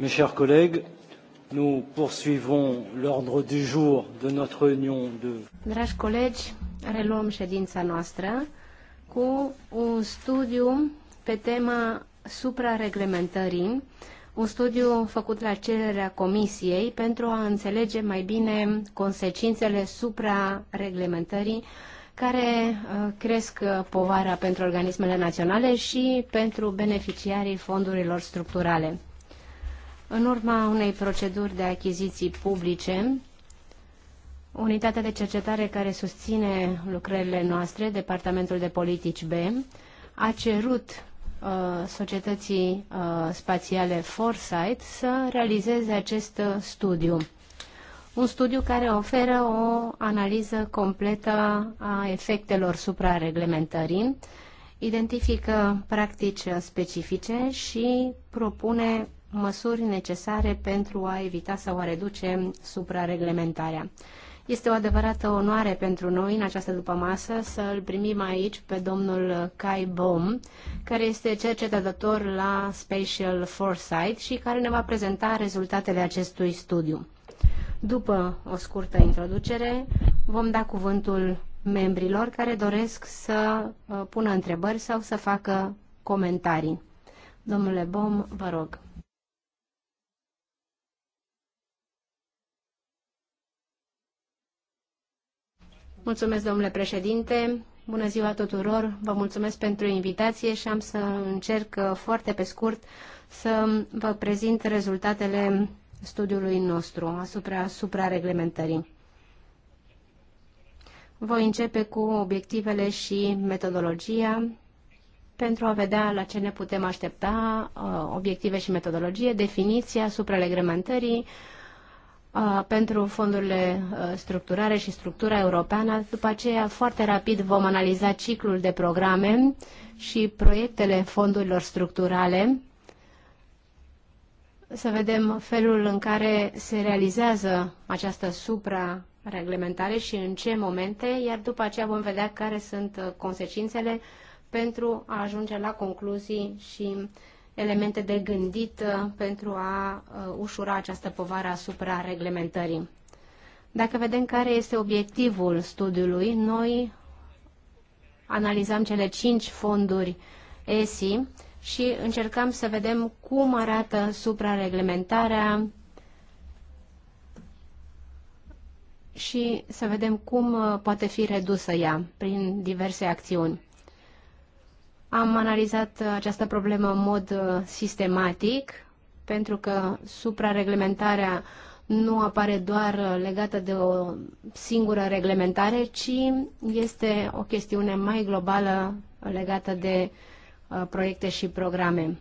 Mes chers collègues, nous poursuivons l'ordre du jour de notre réunion de... Dragi colegi, reluăm ședința noastră cu un studiu pe tema suprareglementării, un studiu făcut la cererea Comisiei pentru a înțelege mai bine consecințele suprareglementării care uh, cresc uh, povara pentru organismele naționale și pentru beneficiarii fondurilor structurale. În urma unei proceduri de achiziții publice, unitatea de cercetare care susține lucrările noastre, Departamentul de Politici B, a cerut uh, societății uh, spațiale Foresight să realizeze acest uh, studiu. Un studiu care oferă o analiză completă a efectelor suprareglementării, identifică practici specifice și propune măsuri necesare pentru a evita sau a reduce suprareglementarea. Este o adevărată onoare pentru noi în această dupămasă să îl primim aici pe domnul Kai Bom, care este cercetător la Spatial Foresight și care ne va prezenta rezultatele acestui studiu. După o scurtă introducere, vom da cuvântul membrilor care doresc să uh, pună întrebări sau să facă comentarii. Domnule Bom, vă rog. Mulțumesc, domnule președinte. Bună ziua tuturor. Vă mulțumesc pentru invitație și am să încerc uh, foarte pe scurt să vă prezint rezultatele studiului nostru asupra suprareglementării. Voi începe cu obiectivele și metodologia pentru a vedea la ce ne putem aștepta, uh, obiective și metodologie, definiția suprareglementării, pentru fondurile structurare și structura europeană. După aceea, foarte rapid vom analiza ciclul de programe și proiectele fondurilor structurale, să vedem felul în care se realizează această supra-reglementare și în ce momente, iar după aceea vom vedea care sunt consecințele pentru a ajunge la concluzii și elemente de gândit uh, pentru a uh, ușura această povară asupra reglementării. Dacă vedem care este obiectivul studiului, noi analizam cele cinci fonduri ESI și încercam să vedem cum arată suprareglementarea și să vedem cum uh, poate fi redusă ea prin diverse acțiuni. Am analizat uh, această problemă în mod uh, sistematic, pentru că suprareglementarea nu apare doar uh, legată de o singură reglementare, ci este o chestiune mai globală legată de proiecte și programe.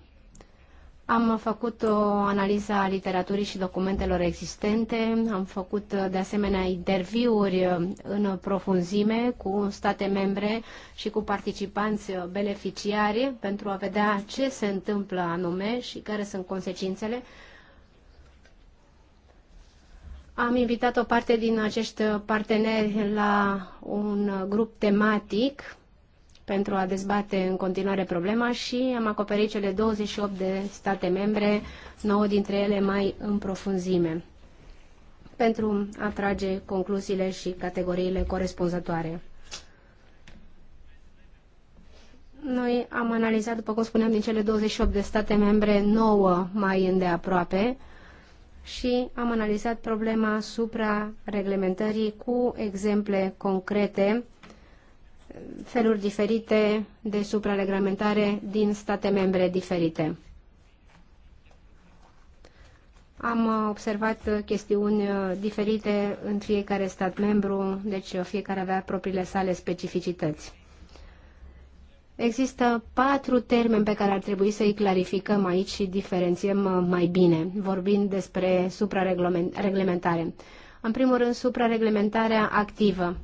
Am făcut o analiză a literaturii și documentelor existente, am făcut de asemenea interviuri în profunzime cu state membre și cu participanți beneficiari pentru a vedea ce se întâmplă anume și care sunt consecințele. Am invitat o parte din acești parteneri la un grup tematic pentru a dezbate în continuare problema și am acoperit cele 28 de state membre, 9 dintre ele mai în profunzime, pentru a trage concluziile și categoriile corespunzătoare. Noi am analizat, după cum spuneam, din cele 28 de state membre, 9 mai îndeaproape și am analizat problema supra-reglementării cu exemple concrete feluri diferite de suprareglementare din state membre diferite. Am observat chestiuni uh, diferite în fiecare stat membru, deci uh, fiecare avea propriile sale specificități. Există patru termeni pe care ar trebui să-i clarificăm aici și diferențiem uh, mai bine, vorbind despre suprareglementare. În primul rând, suprareglementarea activă.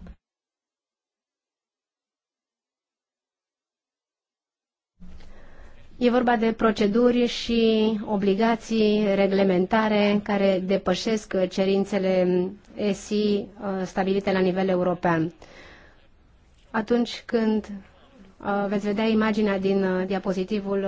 E vorba de proceduri și obligații reglementare care depășesc cerințele ESI uh, stabilite la nivel european. Atunci când uh, veți vedea imaginea din uh, diapozitivul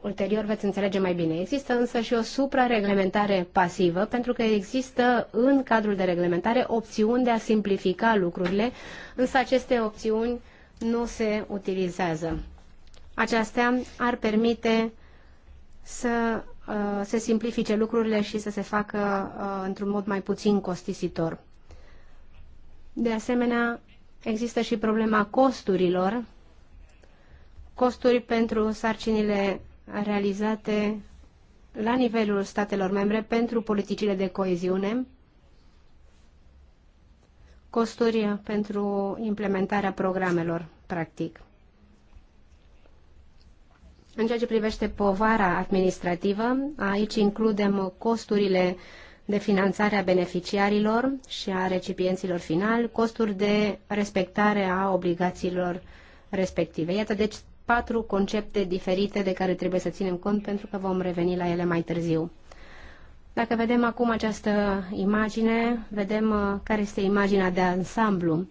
ulterior veți înțelege mai bine. Există însă și o suprareglementare pasivă, pentru că există în cadrul de reglementare opțiuni de a simplifica lucrurile, însă aceste opțiuni nu se utilizează. Aceasta ar permite să uh, se simplifice lucrurile și să se facă uh, într-un mod mai puțin costisitor. De asemenea, există și problema costurilor, costuri pentru sarcinile realizate la nivelul statelor membre pentru politicile de coeziune, costuri pentru implementarea programelor, practic. În ceea ce privește povara administrativă, aici includem costurile de finanțare a beneficiarilor și a recipienților finali, costuri de respectare a obligațiilor respective. Iată, deci, patru concepte diferite de care trebuie să ținem cont pentru că vom reveni la ele mai târziu. Dacă vedem acum această imagine, vedem uh, care este imaginea de ansamblu.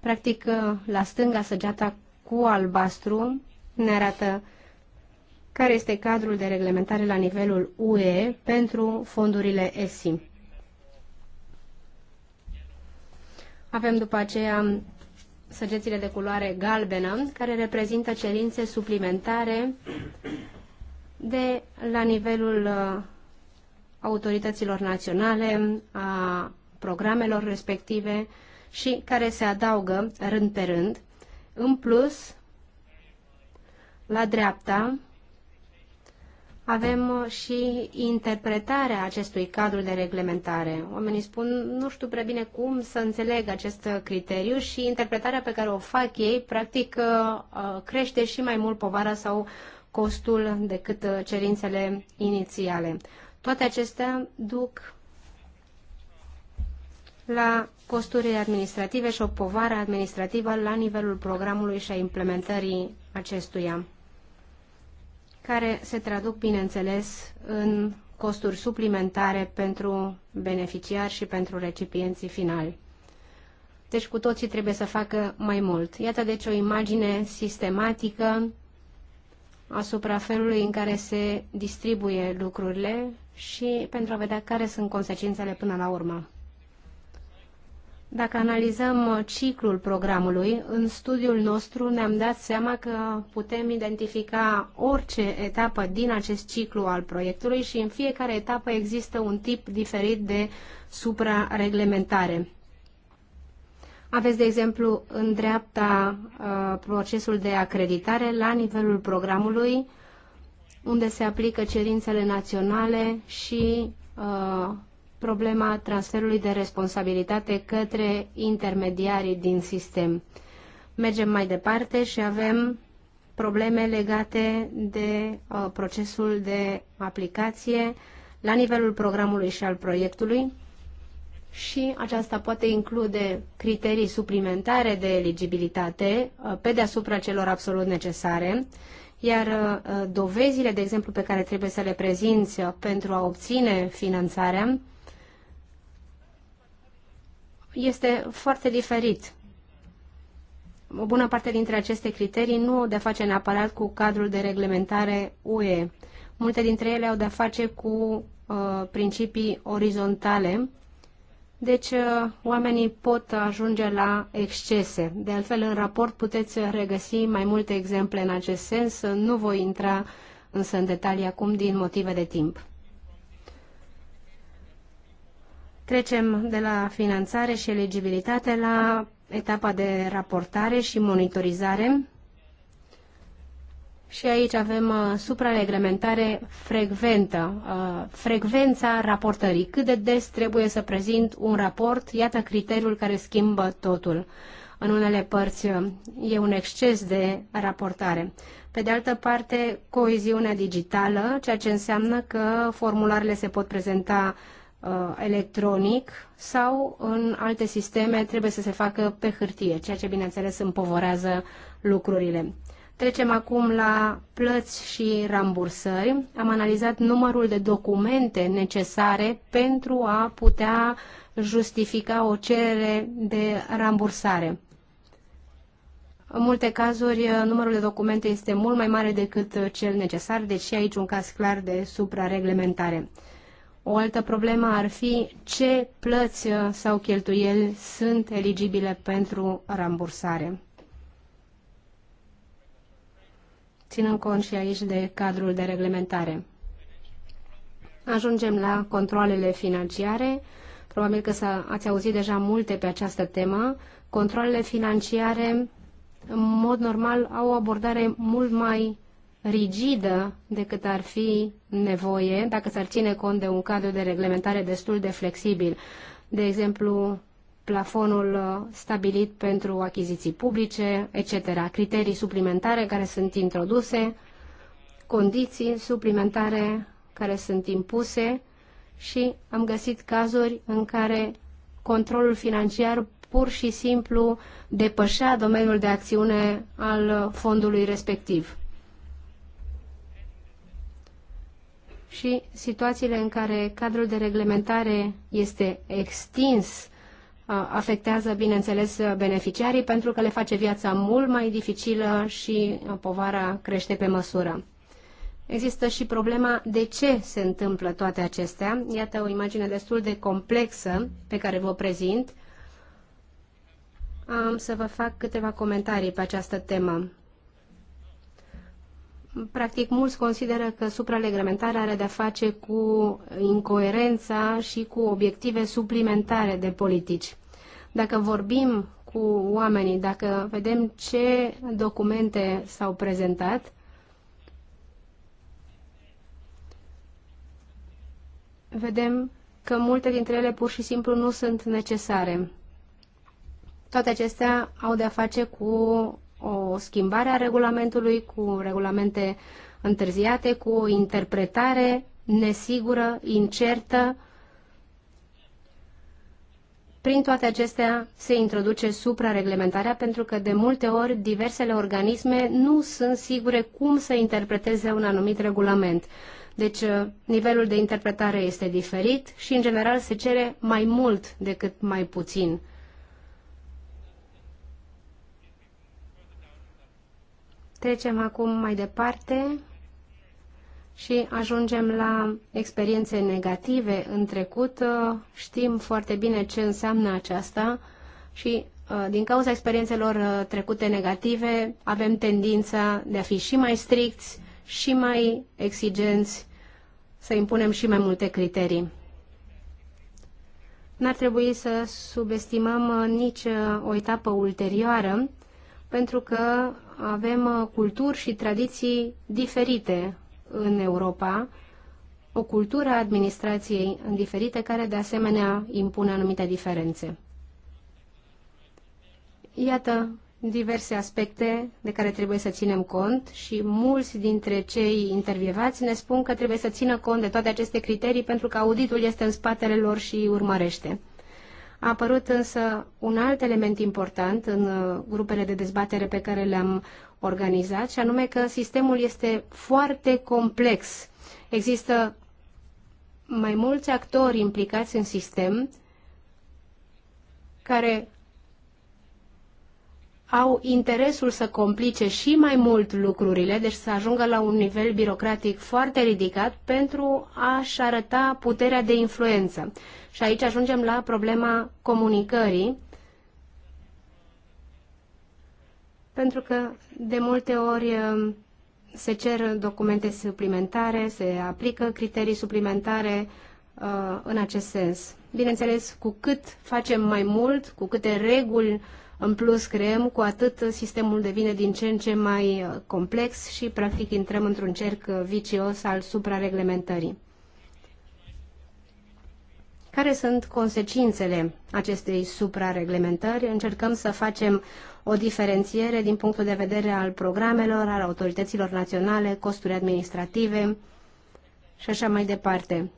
Practic, uh, la stânga săgeata cu albastru ne arată care este cadrul de reglementare la nivelul UE pentru fondurile ESI. Avem după aceea săgețile de culoare galbenă, care reprezintă cerințe suplimentare de la nivelul uh, autorităților naționale, a programelor respective și care se adaugă rând pe rând. În plus, la dreapta avem uh, și interpretarea acestui cadru de reglementare. Oamenii spun, nu știu prea bine cum să înțeleg acest uh, criteriu și interpretarea pe care o fac ei, practic, uh, crește și mai mult povara sau costul decât cerințele inițiale. Toate acestea duc la costuri administrative și o povară administrativă la nivelul programului și a implementării acestuia care se traduc, bineînțeles, în costuri suplimentare pentru beneficiari și pentru recipienții finali. Deci cu toții trebuie să facă mai mult. Iată deci o imagine sistematică asupra felului în care se distribuie lucrurile și pentru a vedea care sunt consecințele până la urmă. Dacă analizăm uh, ciclul programului, în studiul nostru ne-am dat seama că putem identifica orice etapă din acest ciclu al proiectului și în fiecare etapă există un tip diferit de suprareglementare. Aveți, de exemplu, în dreapta uh, procesul de acreditare la nivelul programului, unde se aplică cerințele naționale și uh, problema transferului de responsabilitate către intermediarii din sistem. Mergem mai departe și avem probleme legate de uh, procesul de aplicație la nivelul programului și al proiectului și aceasta poate include criterii suplimentare de eligibilitate uh, pe deasupra celor absolut necesare, iar uh, dovezile, de exemplu, pe care trebuie să le prezinți uh, pentru a obține finanțarea, este foarte diferit. O bună parte dintre aceste criterii nu au de-a face neapărat cu cadrul de reglementare UE. Multe dintre ele au de-a face cu uh, principii orizontale, deci uh, oamenii pot ajunge la excese. De altfel, în raport puteți regăsi mai multe exemple în acest sens. Nu voi intra însă în detalii acum din motive de timp. Trecem de la finanțare și eligibilitate la etapa de raportare și monitorizare. Și aici avem uh, suprareglementare frecventă, uh, frecvența raportării. Cât de des trebuie să prezint un raport, iată criteriul care schimbă totul. În unele părți uh, e un exces de raportare. Pe de altă parte, coeziunea digitală, ceea ce înseamnă că formularele se pot prezenta uh, Uh, electronic sau în alte sisteme trebuie să se facă pe hârtie, ceea ce bineînțeles împovorează lucrurile. Trecem acum la plăți și rambursări. Am analizat numărul de documente necesare pentru a putea justifica o cerere de rambursare. În multe cazuri, uh, numărul de documente este mult mai mare decât uh, cel necesar, deci și aici un caz clar de suprareglementare. reglementare o altă problemă ar fi ce plăți uh, sau cheltuieli sunt eligibile pentru rambursare. Ținând cont și aici de cadrul de reglementare. Ajungem la controlele financiare. Probabil că ați auzit deja multe pe această temă. Controlele financiare, în mod normal, au o abordare mult mai rigidă decât ar fi nevoie dacă s-ar ține cont de un cadru de reglementare destul de flexibil. De exemplu, plafonul uh, stabilit pentru achiziții publice, etc. Criterii suplimentare care sunt introduse, condiții suplimentare care sunt impuse și am găsit cazuri în care controlul financiar pur și simplu depășea domeniul de acțiune al fondului respectiv. și situațiile în care cadrul de reglementare este extins afectează, bineînțeles, beneficiarii pentru că le face viața mult mai dificilă și povara crește pe măsură. Există și problema de ce se întâmplă toate acestea. Iată o imagine destul de complexă pe care vă prezint. Am să vă fac câteva comentarii pe această temă. Practic, mulți consideră că suprareglementarea are de-a face cu incoerența și cu obiective suplimentare de politici. Dacă vorbim cu oamenii, dacă vedem ce documente s-au prezentat, vedem că multe dintre ele pur și simplu nu sunt necesare. Toate acestea au de-a face cu o schimbare a regulamentului cu regulamente întârziate, cu o interpretare nesigură, incertă. Prin toate acestea se introduce suprareglementarea pentru că de multe ori diversele organisme nu sunt sigure cum să interpreteze un anumit regulament. Deci nivelul de interpretare este diferit și în general se cere mai mult decât mai puțin. Trecem acum mai departe și ajungem la experiențe negative în trecut. Știm foarte bine ce înseamnă aceasta și uh, din cauza experiențelor uh, trecute negative avem tendința de a fi și mai stricți, și mai exigenți, să impunem și mai multe criterii. N-ar trebui să subestimăm uh, nici o etapă ulterioară, pentru că avem uh, culturi și tradiții diferite în Europa, o cultură a administrației diferite care de asemenea impune anumite diferențe. Iată diverse aspecte de care trebuie să ținem cont și mulți dintre cei intervievați ne spun că trebuie să țină cont de toate aceste criterii pentru că auditul este în spatele lor și urmărește. A apărut însă un alt element important în uh, grupele de dezbatere pe care le-am organizat, și anume că sistemul este foarte complex. Există mai mulți actori implicați în sistem care au interesul să complice și mai mult lucrurile, deci să ajungă la un nivel birocratic foarte ridicat pentru a-și arăta puterea de influență. Și aici ajungem la problema comunicării, pentru că de multe ori um, se cer documente suplimentare, se aplică criterii suplimentare uh, în acest sens. Bineînțeles, cu cât facem mai mult, cu câte reguli în plus, creăm cu atât sistemul devine din ce în ce mai uh, complex și, practic, intrăm într-un cerc uh, vicios al suprareglementării. Care sunt consecințele acestei suprareglementări? Încercăm să facem o diferențiere din punctul de vedere al programelor, al autorităților naționale, costuri administrative și așa mai departe.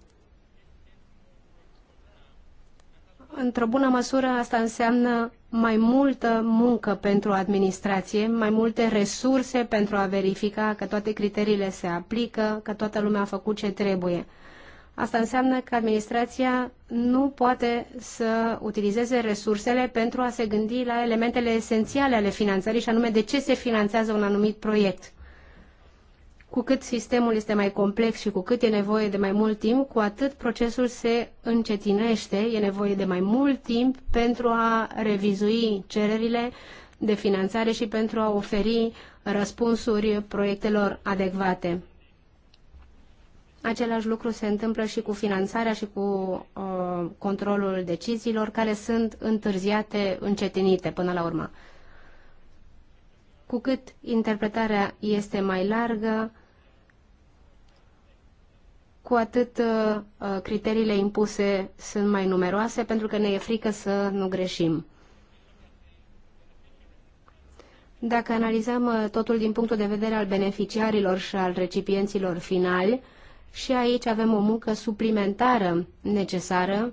într-o bună măsură, asta înseamnă mai multă muncă pentru administrație, mai multe resurse pentru a verifica că toate criteriile se aplică, că toată lumea a făcut ce trebuie. Asta înseamnă că administrația nu poate să utilizeze resursele pentru a se gândi la elementele esențiale ale finanțării, și anume de ce se finanțează un anumit proiect. Cu cât sistemul este mai complex și cu cât e nevoie de mai mult timp, cu atât procesul se încetinește, e nevoie de mai mult timp pentru a revizui cererile de finanțare și pentru a oferi răspunsuri proiectelor adecvate. Același lucru se întâmplă și cu finanțarea și cu uh, controlul deciziilor care sunt întârziate, încetinite până la urmă. Cu cât interpretarea este mai largă, cu atât uh, uh, criteriile impuse sunt mai numeroase pentru că ne e frică să nu greșim. Dacă analizăm uh, totul din punctul de vedere al beneficiarilor și al recipienților finali, și aici avem o muncă suplimentară necesară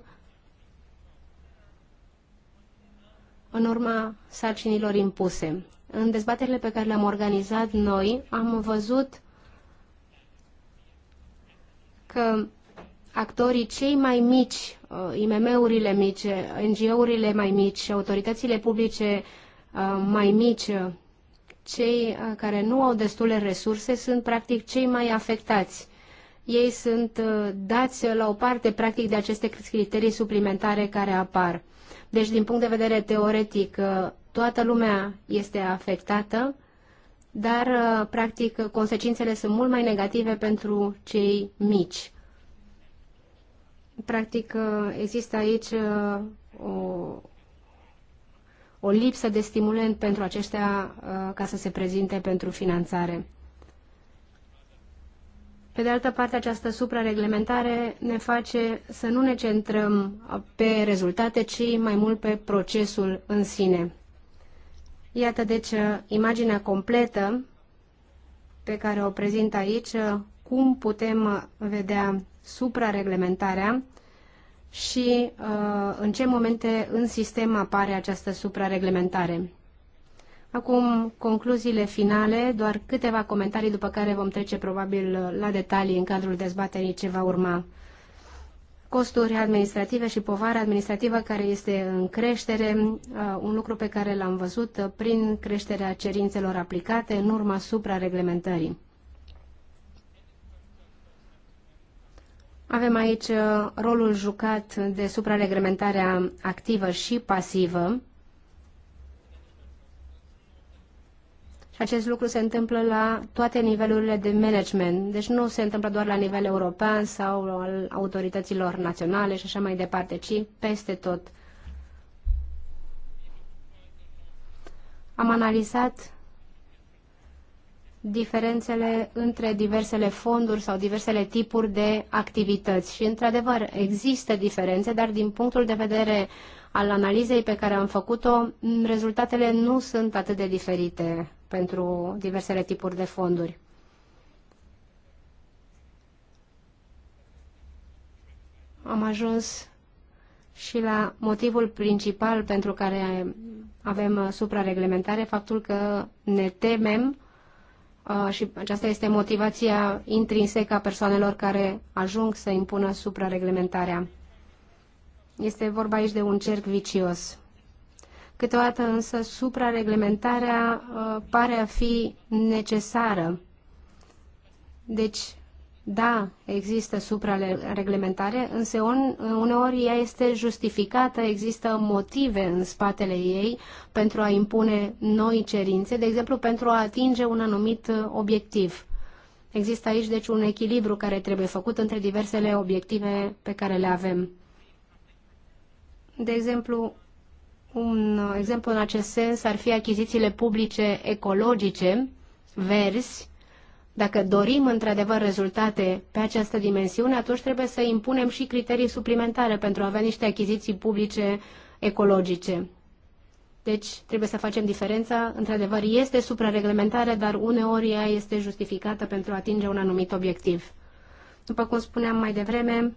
în urma sarcinilor impuse. În dezbaterile pe care le-am organizat noi, am văzut că actorii cei mai mici, uh, IMM-urile mici, NGO-urile mai mici, autoritățile publice uh, mai mici, uh, cei care nu au destule resurse sunt practic cei mai afectați. Ei sunt dați la o parte practic de aceste criterii suplimentare care apar. Deci din punct de vedere teoretic toată lumea este afectată, dar uh, practic consecințele sunt mult mai negative pentru cei mici. Practic uh, există aici uh, o, o lipsă de stimulent pentru aceștia ca să se prezinte pentru finanțare. Pe de altă parte, această suprareglementare ne face să nu ne centrăm pe rezultate, ci mai mult pe procesul în sine. Iată deci uh, imaginea completă pe care o prezint aici, uh, cum putem uh, vedea suprareglementarea și în ce momente în sistem apare această suprareglementare. Acum, concluziile finale, doar câteva comentarii, după care vom trece probabil la detalii în cadrul dezbaterii ce va urma costuri administrative și povara administrativă care este în creștere, uh, un lucru pe care l-am văzut uh, prin creșterea cerințelor aplicate în urma suprareglementării. Avem aici uh, rolul jucat de suprareglementarea activă și pasivă Și acest lucru se întâmplă la toate nivelurile de management, deci nu se întâmplă doar la nivel european sau al autorităților naționale și așa mai departe, ci peste tot. Am analizat diferențele între diversele fonduri sau diversele tipuri de activități. Și, într-adevăr, există diferențe, dar din punctul de vedere al analizei pe care am făcut-o, rezultatele nu sunt atât de diferite pentru diversele tipuri de fonduri. Am ajuns și la motivul principal pentru care avem suprareglementare, faptul că ne temem uh, și aceasta este motivația intrinsecă a persoanelor care ajung să impună suprareglementarea. Este vorba aici de un cerc vicios. Câteodată însă suprareglementarea uh, pare a fi necesară. Deci, da, există suprareglementare, însă uneori ea este justificată, există motive în spatele ei pentru a impune noi cerințe, de exemplu pentru a atinge un anumit obiectiv. Există aici deci un echilibru care trebuie făcut între diversele obiective pe care le avem. De exemplu, un exemplu în acest sens ar fi achizițiile publice ecologice, verzi. Dacă dorim într-adevăr rezultate pe această dimensiune, atunci trebuie să impunem și criterii suplimentare pentru a avea niște achiziții publice ecologice. Deci trebuie să facem diferența. Într-adevăr, este suprareglementare, dar uneori ea este justificată pentru a atinge un anumit obiectiv. După cum spuneam mai devreme,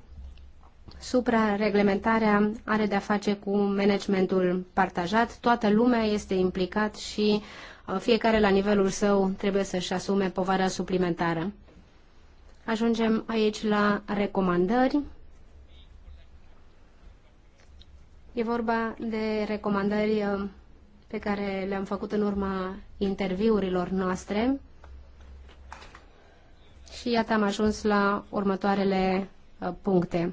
Suprareglementarea are de-a face cu managementul partajat, toată lumea este implicat și uh, fiecare la nivelul său trebuie să-și asume povara suplimentară. Ajungem aici la recomandări. E vorba de recomandări uh, pe care le-am făcut în urma interviurilor noastre. Și iată am ajuns la următoarele uh, puncte.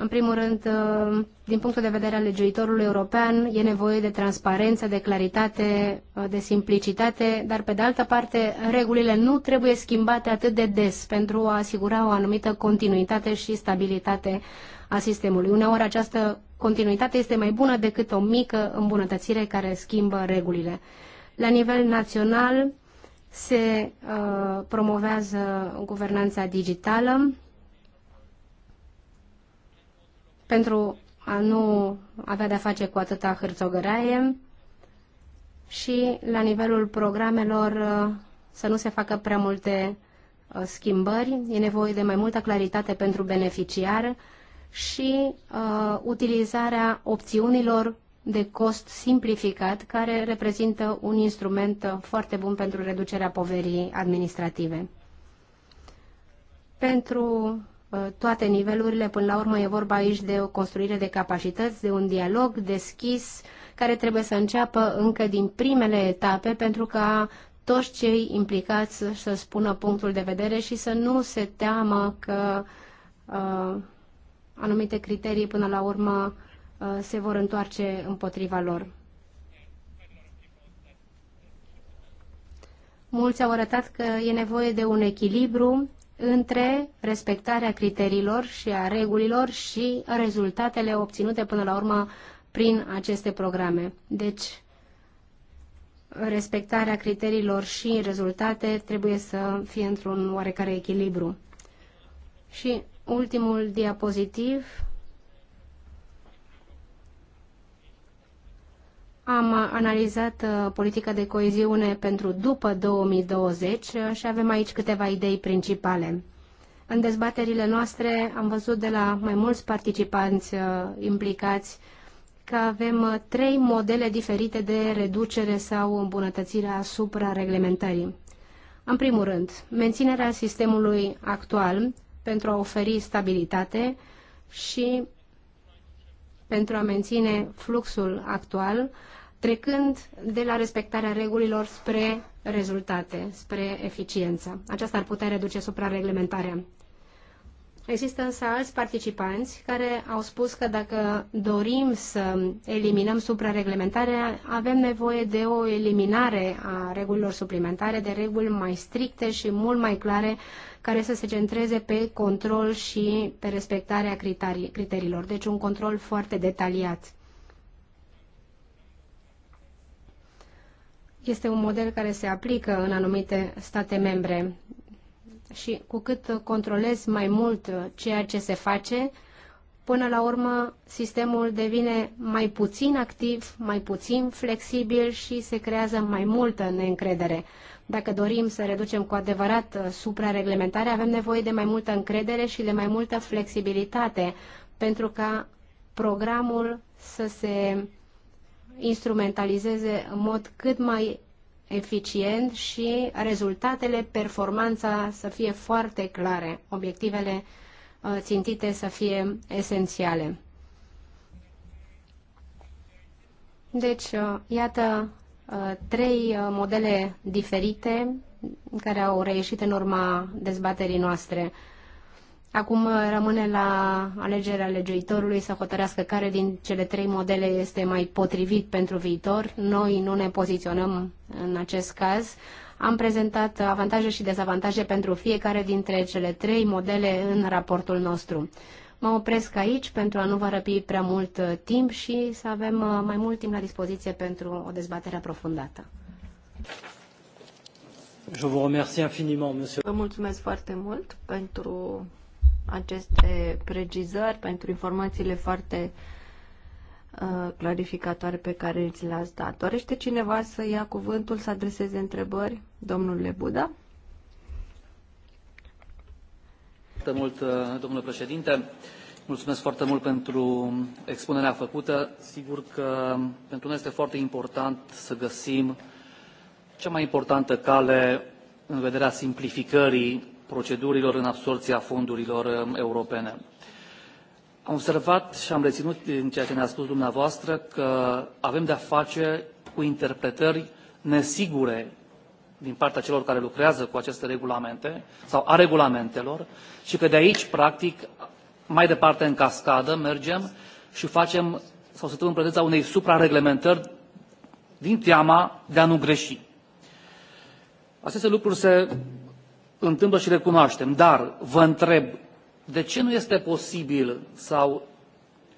În primul rând, uh, din punctul de vedere al legiuitorului european, e nevoie de transparență, de claritate, uh, de simplicitate, dar pe de altă parte, regulile nu trebuie schimbate atât de des pentru a asigura o anumită continuitate și stabilitate a sistemului. Uneori această continuitate este mai bună decât o mică îmbunătățire care schimbă regulile. La nivel național se uh, promovează guvernanța digitală, pentru a nu avea de-a face cu atâta hârțogăraie și la nivelul programelor uh, să nu se facă prea multe uh, schimbări, e nevoie de mai multă claritate pentru beneficiar și uh, utilizarea opțiunilor de cost simplificat, care reprezintă un instrument uh, foarte bun pentru reducerea poverii administrative. Pentru toate nivelurile. Până la urmă e vorba aici de o construire de capacități, de un dialog deschis care trebuie să înceapă încă din primele etape pentru ca toți cei implicați să spună punctul de vedere și să nu se teamă că uh, anumite criterii până la urmă uh, se vor întoarce împotriva lor. Mulți au arătat că e nevoie de un echilibru între respectarea criteriilor și a regulilor și rezultatele obținute până la urmă prin aceste programe. Deci, respectarea criteriilor și rezultate trebuie să fie într-un oarecare echilibru. Și ultimul diapozitiv Am analizat uh, politica de coeziune pentru după 2020 uh, și avem aici câteva idei principale. În dezbaterile noastre am văzut de la mai mulți participanți uh, implicați că avem trei modele diferite de reducere sau îmbunătățire asupra reglementării. În primul rând, menținerea sistemului actual pentru a oferi stabilitate și pentru a menține fluxul actual, trecând de la respectarea regulilor spre rezultate, spre eficiență. Aceasta ar putea reduce suprareglementarea. Există însă alți participanți care au spus că dacă dorim să eliminăm suprareglementarea, avem nevoie de o eliminare a regulilor suplimentare, de reguli mai stricte și mult mai clare, care să se centreze pe control și pe respectarea criteriilor. Deci un control foarte detaliat. este un model care se aplică în anumite state membre și cu cât controlezi mai mult ceea ce se face, până la urmă sistemul devine mai puțin activ, mai puțin flexibil și se creează mai multă neîncredere. Dacă dorim să reducem cu adevărat suprareglementarea, avem nevoie de mai multă încredere și de mai multă flexibilitate pentru ca programul să se instrumentalizeze în mod cât mai eficient și rezultatele, performanța să fie foarte clare, obiectivele uh, țintite să fie esențiale. Deci, uh, iată uh, trei modele diferite care au reieșit în urma dezbaterii noastre. Acum uh, rămâne la alegerea legiuitorului să hotărească care din cele trei modele este mai potrivit pentru viitor. Noi nu ne poziționăm în acest caz. Am prezentat avantaje și dezavantaje pentru fiecare dintre cele trei modele în raportul nostru. Mă opresc aici pentru a nu vă răpi prea mult uh, timp și să avem uh, mai mult timp la dispoziție pentru o dezbatere aprofundată. Je vous remercie infiniment, monsieur. Vă mulțumesc foarte mult pentru aceste precizări, pentru informațiile foarte uh, clarificatoare pe care ți le-ați dat. Dorește cineva să ia cuvântul, să adreseze întrebări? Domnule Buda? Foarte mult, uh, domnule președinte. Mulțumesc foarte mult pentru expunerea făcută. Sigur că pentru noi este foarte important să găsim cea mai importantă cale în vederea simplificării procedurilor în absorbția fondurilor um, europene. Am observat și am reținut din ceea ce ne-a spus dumneavoastră că avem de-a face cu interpretări nesigure din partea celor care lucrează cu aceste regulamente sau a regulamentelor și că de aici, practic, mai departe în cascadă mergem și facem sau suntem în prezența unei suprareglementări din teama de a nu greși. Aceste lucruri se întâmplă și recunoaștem. Dar vă întreb, de ce nu este posibil sau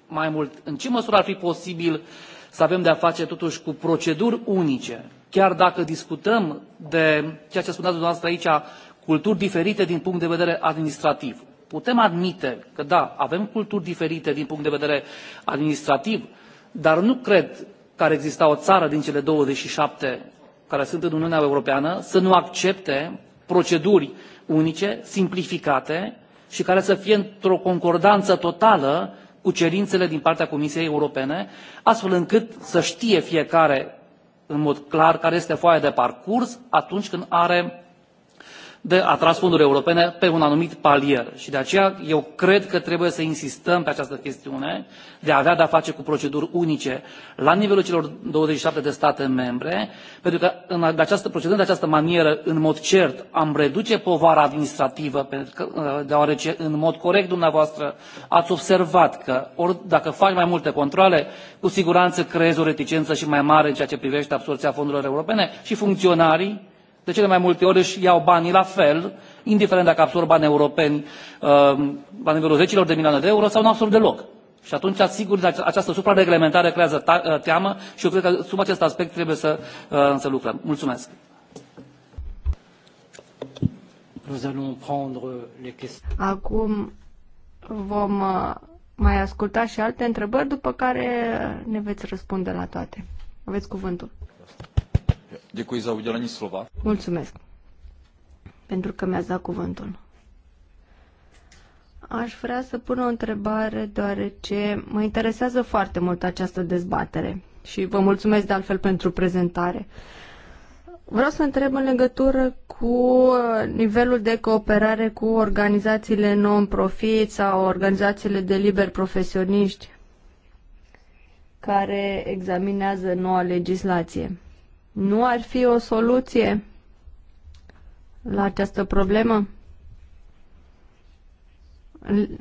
mai mult, în ce măsură ar fi posibil să avem de-a face totuși cu proceduri unice, chiar dacă discutăm de ceea ce spuneați dumneavoastră aici, culturi diferite din punct de vedere administrativ. Putem admite că da, avem culturi diferite din punct de vedere administrativ, dar nu cred că ar exista o țară din cele 27 care sunt în Uniunea Europeană să nu accepte proceduri unice, simplificate și care să fie într-o concordanță totală cu cerințele din partea Comisiei Europene, astfel încât să știe fiecare în mod clar care este foaia de parcurs atunci când are de a tras fonduri europene pe un anumit palier și de aceea eu cred că trebuie să insistăm pe această chestiune de a avea de a face cu proceduri unice la nivelul celor 27 de state membre, pentru că în această procedură, de această manieră, în mod cert, am reduce povara administrativă, ă, deoarece în mod corect dumneavoastră ați observat că ori, dacă faci mai multe controle, cu siguranță creezi o reticență și mai mare în ceea ce privește absorbția fondurilor europene și funcționarii de cele mai multe ori își iau banii la fel indiferent dacă absorb bani europeni uh, la nivelul zecilor de milioane de euro sau nu absorb deloc. Și atunci, sigur, această suprareglementare creează uh, teamă și eu cred că sub acest aspect trebuie să, uh, să lucrăm. Mulțumesc. Acum vom mai asculta și alte întrebări, după care ne veți răspunde la toate. Aveți cuvântul. Děkuji za udělení slova. Mulțumesc pentru că mi-ați dat cuvântul. Aș vrea să pun o întrebare, deoarece mă interesează foarte mult această dezbatere și vă mulțumesc de altfel pentru prezentare. Vreau să întreb în legătură cu nivelul de cooperare cu organizațiile non-profit sau organizațiile de liber profesioniști care examinează noua legislație nu ar fi o soluție la această problemă?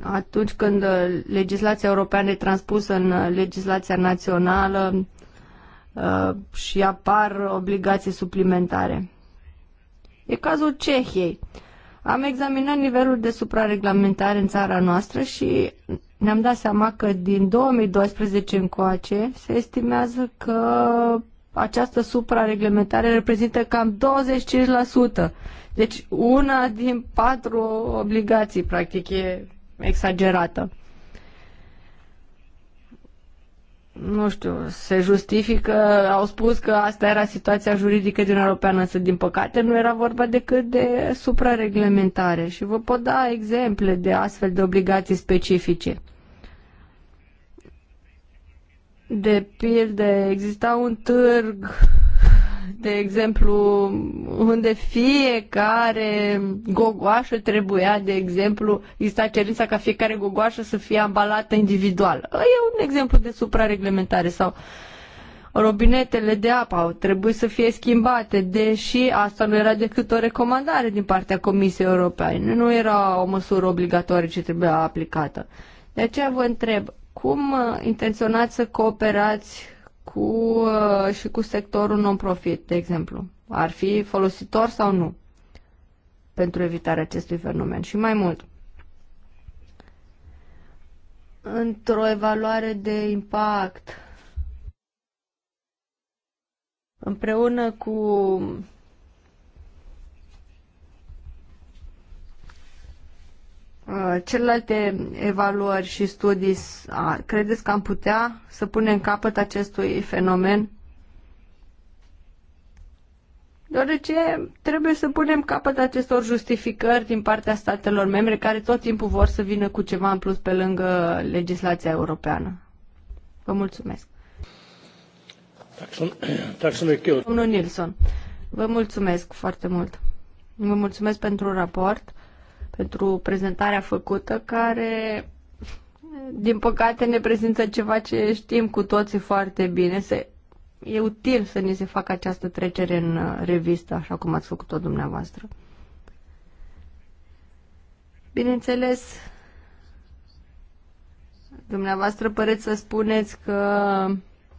Atunci când legislația europeană e transpusă în legislația națională uh, și apar obligații suplimentare. E cazul Cehiei. Am examinat nivelul de suprareglementare în țara noastră și ne-am dat seama că din 2012 încoace se estimează că această suprareglementare reprezintă cam 25%. Deci una din patru obligații, practic, e exagerată. Nu știu, se justifică, au spus că asta era situația juridică din Europeană, însă din păcate nu era vorba decât de suprareglementare și vă pot da exemple de astfel de obligații specifice. De pildă, exista un târg, de exemplu, unde fiecare gogoașă trebuia, de exemplu, exista cerința ca fiecare gogoașă să fie ambalată individual. E un exemplu de suprareglementare sau robinetele de apă au trebuit să fie schimbate, deși asta nu era decât o recomandare din partea Comisiei Europene. Nu era o măsură obligatorie ce trebuia aplicată. De aceea vă întreb, cum uh, intenționați să cooperați cu, uh, și cu sectorul non-profit, de exemplu? Ar fi folositor sau nu pentru evitarea acestui fenomen? Și mai mult, într-o evaluare de impact, împreună cu Uh, celelalte evaluări și studii, uh, credeți că am putea să punem capăt acestui fenomen? Deoarece trebuie să punem capăt acestor justificări din partea statelor membre care tot timpul vor să vină cu ceva în plus pe lângă legislația europeană. Vă mulțumesc. Domnul Nilsson, vă mulțumesc foarte mult. Vă mulțumesc pentru raport pentru prezentarea făcută, care, din păcate, ne prezintă ceva ce știm cu toții foarte bine. Se, e util să ni se facă această trecere în uh, revistă, așa cum ați făcut-o dumneavoastră. Bineînțeles, dumneavoastră păreți să spuneți că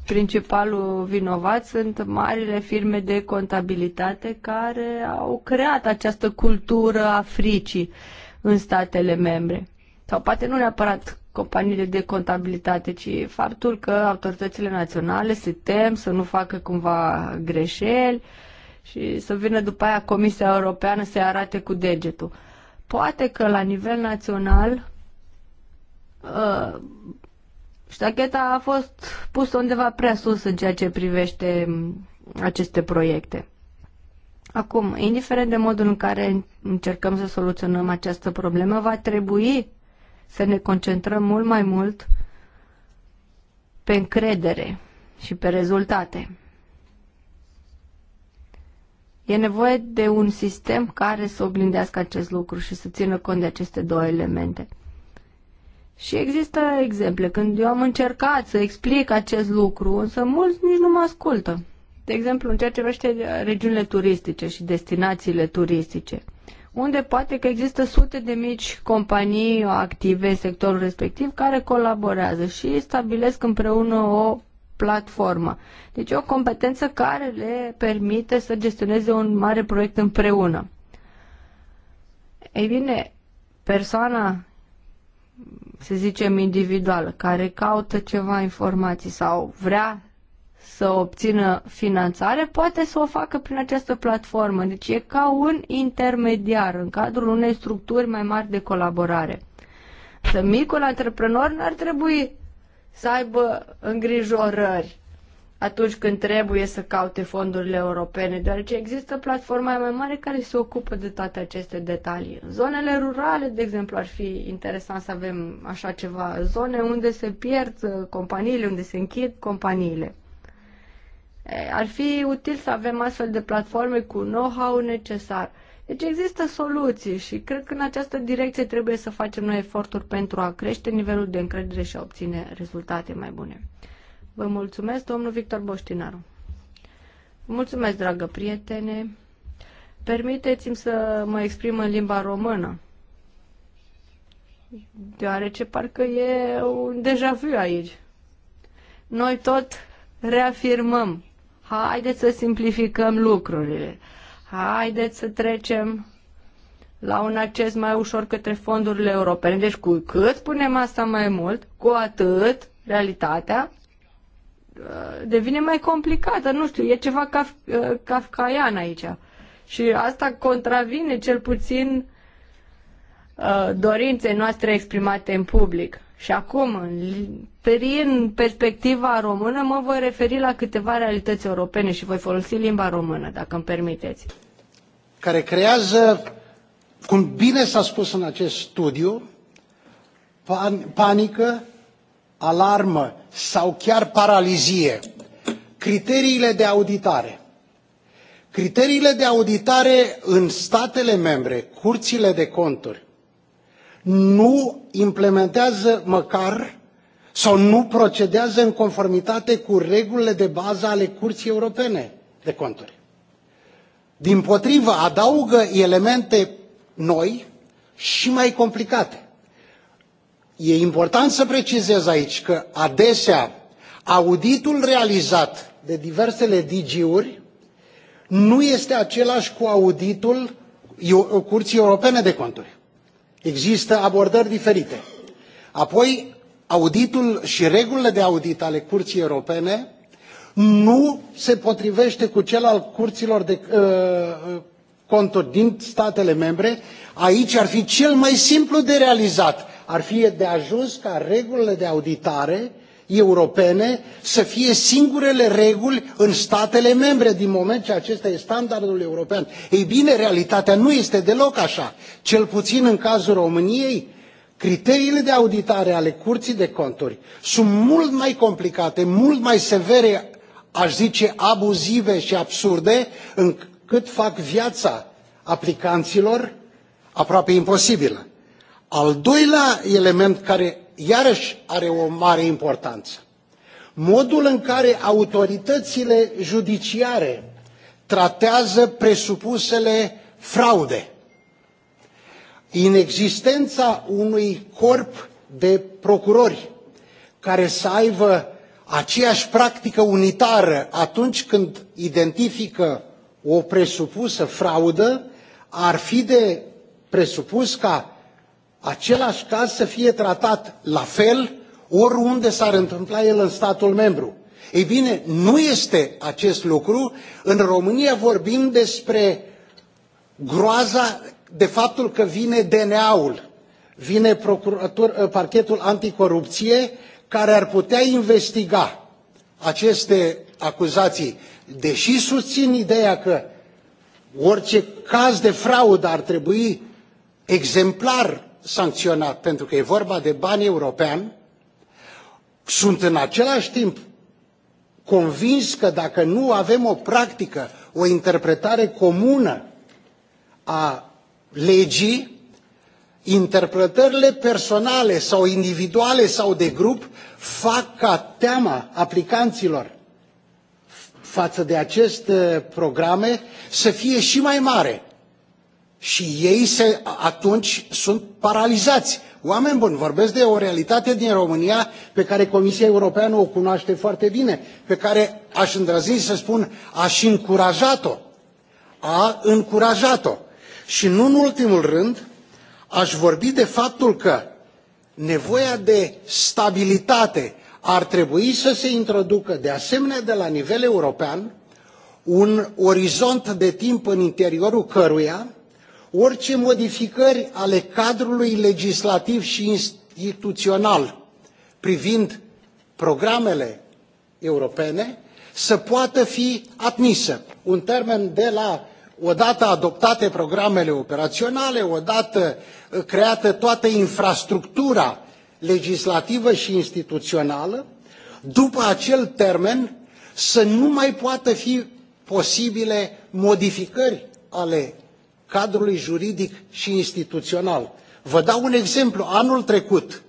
principalul vinovat sunt marile firme de contabilitate care au creat această cultură a fricii în statele membre. Sau poate nu neapărat companiile de contabilitate, ci faptul că autoritățile naționale se tem să nu facă cumva greșeli și să vină după aia Comisia Europeană să arate cu degetul. Poate că la nivel național ă, Ștacheta a fost pusă undeva prea sus în ceea ce privește aceste proiecte. Acum, indiferent de modul în care încercăm să soluționăm această problemă, va trebui să ne concentrăm mult mai mult pe încredere și pe rezultate. E nevoie de un sistem care să oglindească acest lucru și să țină cont de aceste două elemente. Și există exemple când eu am încercat să explic acest lucru, însă mulți nici nu mă ascultă. De exemplu, în ceea ce privește regiunile turistice și destinațiile turistice, unde poate că există sute de mici companii active în sectorul respectiv care colaborează și stabilesc împreună o platformă. Deci o competență care le permite să gestioneze un mare proiect împreună. Ei bine, persoana să zicem, individuală, care caută ceva informații sau vrea să obțină finanțare, poate să o facă prin această platformă. Deci e ca un intermediar în cadrul unei structuri mai mari de colaborare. Să micul antreprenor n-ar trebui să aibă îngrijorări atunci când trebuie să caute fondurile europene, deoarece există platforma mai mare care se ocupă de toate aceste detalii. zonele rurale, de exemplu, ar fi interesant să avem așa ceva, zone unde se pierd uh, companiile, unde se închid companiile. Ar fi util să avem astfel de platforme cu know-how necesar. Deci există soluții și cred că în această direcție trebuie să facem noi eforturi pentru a crește nivelul de încredere și a obține rezultate mai bune. Vă mulțumesc, domnul Victor Boștinaru. Mulțumesc, dragă prietene. Permiteți-mi să mă exprim în limba română, deoarece parcă e un deja vu aici. Noi tot reafirmăm, haideți să simplificăm lucrurile, haideți să trecem la un acces mai ușor către fondurile europene. Deci cu cât punem asta mai mult, cu atât realitatea Uh, devine mai complicată, nu știu, e ceva caf, uh, kafkaian aici. Și asta contravine cel puțin uh, dorinței noastre exprimate în public. Și acum, prin perspectiva română, mă voi referi la câteva realități europene și voi folosi limba română, dacă îmi permiteți. Care creează, cum bine s-a spus în acest studiu, pan- panică, alarmă, sau chiar paralizie. Criteriile de auditare. Criteriile de auditare în statele membre, curțile de conturi, nu implementează măcar sau nu procedează în conformitate cu regulile de bază ale Curții Europene de Conturi. Din potrivă, adaugă elemente noi și mai complicate. E important să precizez aici că adesea auditul realizat de diversele DG-uri nu este același cu auditul Curții Europene de Conturi. Există abordări diferite. Apoi, auditul și regulile de audit ale Curții Europene nu se potrivește cu cel al curților de uh, conturi din statele membre. Aici ar fi cel mai simplu de realizat ar fi de ajuns ca regulile de auditare europene să fie singurele reguli în statele membre din moment ce acesta este standardul european. Ei bine, realitatea nu este deloc așa. Cel puțin în cazul României, criteriile de auditare ale Curții de Conturi sunt mult mai complicate, mult mai severe, aș zice abuzive și absurde, încât fac viața aplicanților aproape imposibilă al doilea element care iarăși are o mare importanță, modul în care autoritățile judiciare tratează presupusele fraude, inexistența unui corp de procurori care să aibă aceeași practică unitară atunci când identifică o presupusă fraudă ar fi de presupus ca același caz să fie tratat la fel oriunde s-ar întâmpla el în statul membru. Ei bine, nu este acest lucru. În România vorbim despre groaza de faptul că vine DNA-ul, vine ă, parchetul anticorupție care ar putea investiga aceste acuzații, deși susțin ideea că orice caz de fraudă ar trebui exemplar sancționat pentru că e vorba de bani europeni, sunt în același timp convins că dacă nu avem o practică, o interpretare comună a legii, interpretările personale sau individuale sau de grup fac ca teama aplicanților față de aceste programe să fie și mai mare și ei se, atunci sunt paralizați. Oameni buni, vorbesc de o realitate din România pe care Comisia Europeană o cunoaște foarte bine, pe care aș îndrăzi să spun, aș încurajat-o. A încurajat-o. Și nu în ultimul rând, aș vorbi de faptul că nevoia de stabilitate ar trebui să se introducă de asemenea de la nivel european un orizont de timp în interiorul căruia orice modificări ale cadrului legislativ și instituțional privind programele europene să poată fi admisă. Un termen de la odată adoptate programele operaționale, odată uh, creată toată infrastructura legislativă și instituțională, după acel termen să nu mai poată fi posibile modificări ale cadrului juridic și instituțional. Vă dau un exemplu. Anul trecut,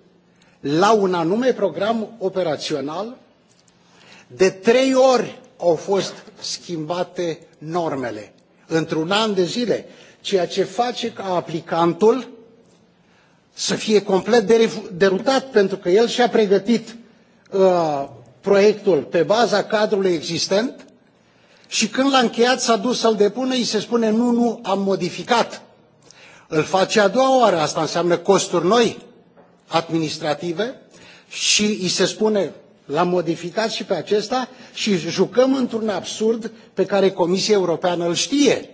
la un anume program operațional, de trei ori au fost schimbate normele într-un an de zile, ceea ce face ca aplicantul să fie complet derutat, pentru că el și-a pregătit uh, proiectul pe baza cadrului existent și când l-a încheiat s-a dus să-l depună, îi se spune nu, nu, am modificat. Îl face a doua oară, asta înseamnă costuri noi administrative și îi se spune l-am modificat și pe acesta și jucăm într-un absurd pe care Comisia Europeană îl știe.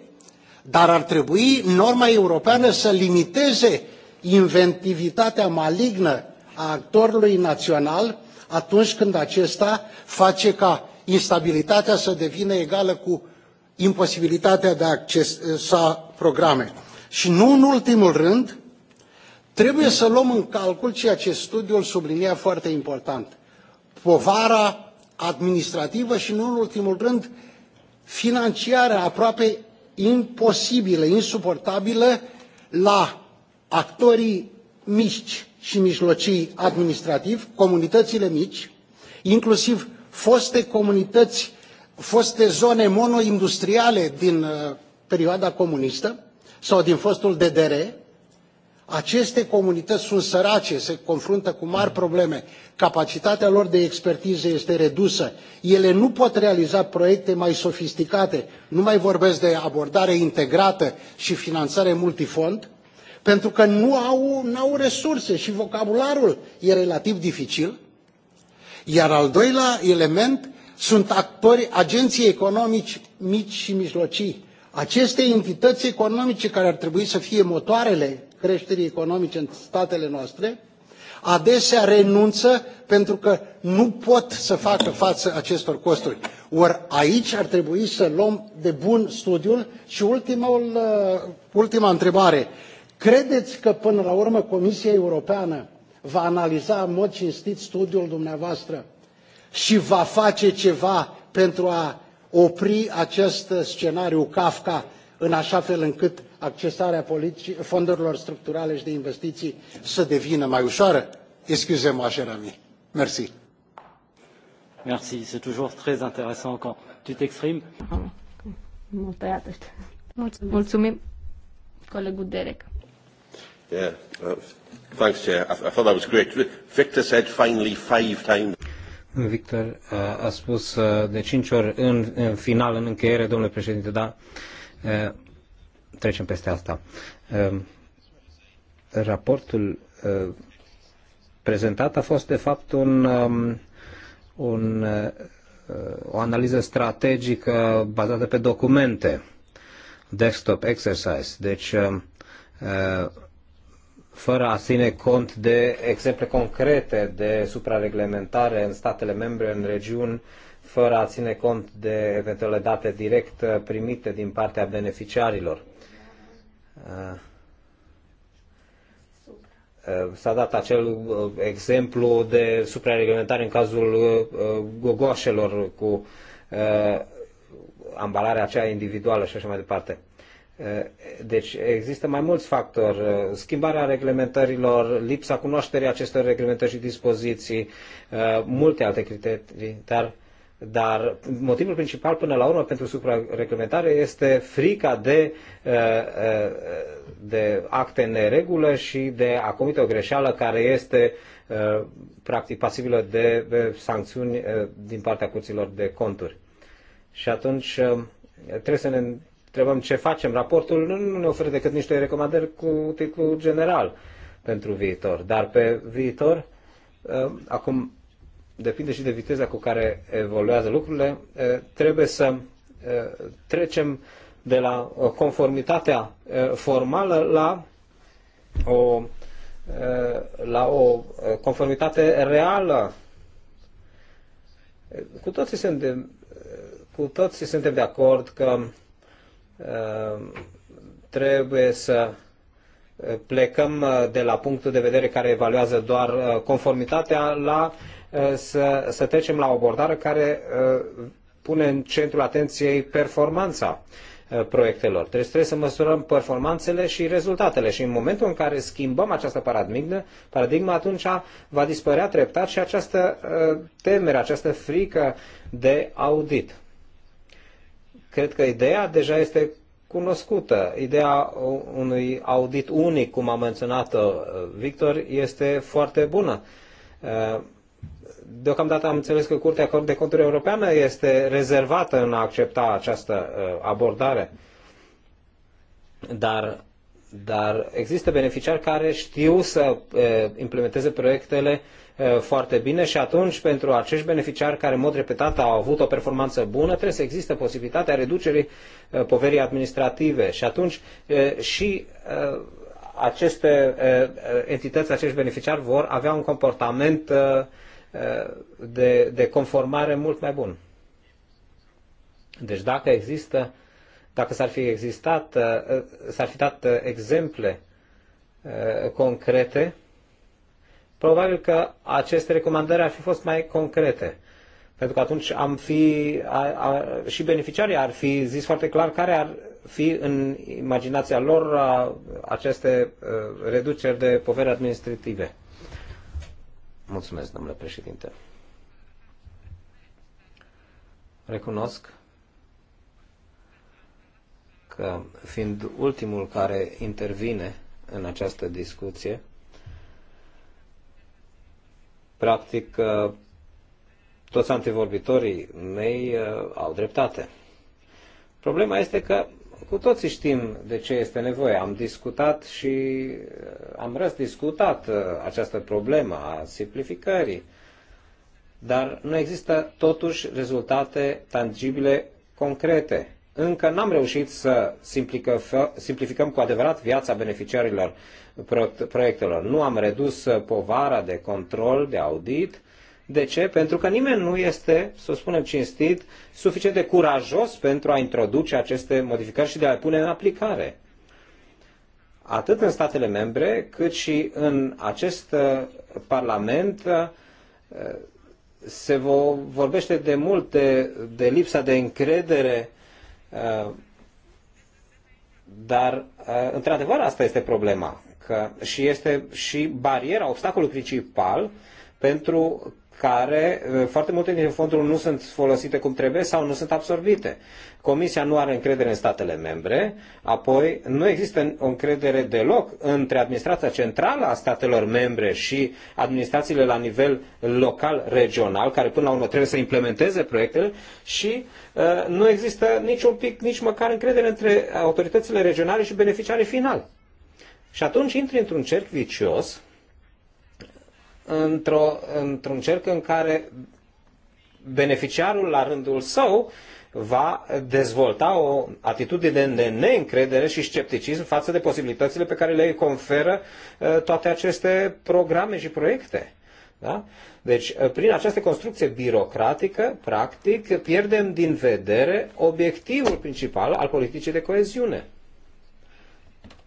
Dar ar trebui norma europeană să limiteze inventivitatea malignă a actorului național atunci când acesta face ca instabilitatea să devină egală cu imposibilitatea de a accesa programe. Și nu în ultimul rând, trebuie să luăm în calcul ceea ce studiul sublinia foarte important. Povara administrativă și nu în ultimul rând financiară aproape imposibilă, insuportabilă la actorii mici și mijlocii administrativi, comunitățile mici, inclusiv foste comunități, foste zone monoindustriale din uh, perioada comunistă sau din fostul DDR, aceste comunități sunt sărace, se confruntă cu mari probleme, capacitatea lor de expertiză este redusă, ele nu pot realiza proiecte mai sofisticate, nu mai vorbesc de abordare integrată și finanțare multifond, pentru că nu au, nu au resurse și vocabularul e relativ dificil iar al doilea element sunt actori, agenții economici mici și mijlocii. Aceste entități economice care ar trebui să fie motoarele creșterii economice în statele noastre, adesea renunță pentru că nu pot să facă față acestor costuri. Ori aici ar trebui să luăm de bun studiul și ultimul, uh, ultima întrebare. Credeți că până la urmă Comisia Europeană va analiza în mod cinstit studiul dumneavoastră și va face ceva pentru a opri acest scenariu Kafka în așa fel încât accesarea fondurilor structurale și de investiții să devină mai ușoară? Excusez-moi, cher ami. Merci. Merci, c'est toujours très intéressant quand tu t'exprimes. Nu, Mulțumim. Mulțumim, colegul Derek. Yeah, uh, Thanks, Chair. I, I thought that was great. Victor said finally five times. Victor uh, a spus uh, de cinci ori în, în final, în încheiere, domnule președinte, da, trecem peste asta. Raportul prezentat a fost, de fapt, un, um, un, o analiză strategică bazată pe documente, desktop exercise. Deci, fără a ține cont de exemple concrete de suprareglementare în statele membre, în regiuni, fără a ține cont de eventuale date direct uh, primite din partea beneficiarilor. Uh, uh, s-a dat acel exemplu de suprareglementare în cazul gogoașelor cu ambalarea aceea individuală și așa mai departe. Eh, deci există mai mulți factori. Eh, schimbarea reglementărilor, lipsa cunoașterii acestor reglementări și dispoziții, eh, multe alte criterii, dar dar motivul principal până la urmă pentru suprareglementare este frica de, de acte în neregulă și de a comite o greșeală care este practic pasibilă de sancțiuni din partea curților de conturi. Și atunci trebuie să ne întrebăm ce facem, raportul nu ne oferă decât niște recomandări cu titlu general pentru viitor. Dar pe viitor, uh, acum depinde și de viteza cu care evoluează lucrurile, uh, trebuie să uh, trecem de la conformitatea formală la o, la o conformitate reală. Cu toții suntem, cu toții suntem de acord că Ehm, trebuie să eh, plecăm eh, de la punctul de vedere care evaluează doar eh, conformitatea la să, să trecem la o abordare care pune în centrul atenției performanța proiectelor. Deci trebuie să măsurăm performanțele și rezultatele și în momentul în care schimbăm această paradigmă, paradigma atunci va dispărea treptat și această temere, această frică de audit. Cred că ideea deja este cunoscută. Ideea unui audit unic, cum a menționat uh, Victor, este foarte bună. Uh, deocamdată am înțeles că Curtea de Conturi Europeană este rezervată în a accepta această uh, abordare. Dar, dar există beneficiari care știu să implementeze proiectele foarte bine și atunci pentru acești beneficiari care în mod repetat au avut o performanță bună trebuie să existe posibilitatea reducerii poverii administrative și atunci și aceste entități, acești beneficiari vor avea un comportament de, de conformare mult mai bun. Deci dacă există, dacă s-ar fi existat, s-ar fi dat exemple concrete probabil că aceste recomandări ar fi fost mai concrete. Pentru că atunci am fi, a, a, și beneficiarii ar fi zis foarte clar care ar fi în imaginația lor a, aceste a, uh, reduceri de povere administrative. Mulțumesc, domnule președinte. Recunosc că, fiind ultimul care intervine în această discuție, Practic, uh, toți antivorbitorii mei uh, au dreptate. Problema este că cu toții știm de ce este nevoie. Am discutat și uh, am răsdiscutat această problemă a simplificării, dar nu există totuși rezultate tangibile, concrete încă n-am reușit să simplificăm cu adevărat viața beneficiarilor proiectelor. Nu am redus povara de control, de audit. De ce? Pentru că nimeni nu este, să spunem cinstit, suficient de curajos pentru a introduce aceste modificări și de a le pune în aplicare. Atât în statele membre, cât și în acest uh, Parlament uh, se vorbește de mult de, de lipsa de încredere Uh, dar, uh, într-adevăr, asta este problema. Că și este și bariera, obstacolul principal pentru care foarte multe din fonduri nu sunt folosite cum trebuie sau nu sunt absorbite. Comisia nu are încredere în statele membre, apoi nu există o încredere deloc între administrația centrală a statelor membre și administrațiile la nivel local, regional, care până la urmă trebuie să implementeze proiectele și uh, nu există nici un pic, nici măcar încredere între autoritățile regionale și beneficiarii finali. Și atunci intri într-un cerc vicios într-o, într-un cerc în care beneficiarul la rândul său va dezvolta o atitudine de neîncredere și scepticism față de posibilitățile pe care le conferă uh, toate aceste programe și proiecte. Da? Deci, uh, prin această construcție birocratică, practic, pierdem din vedere obiectivul principal al politicii de coeziune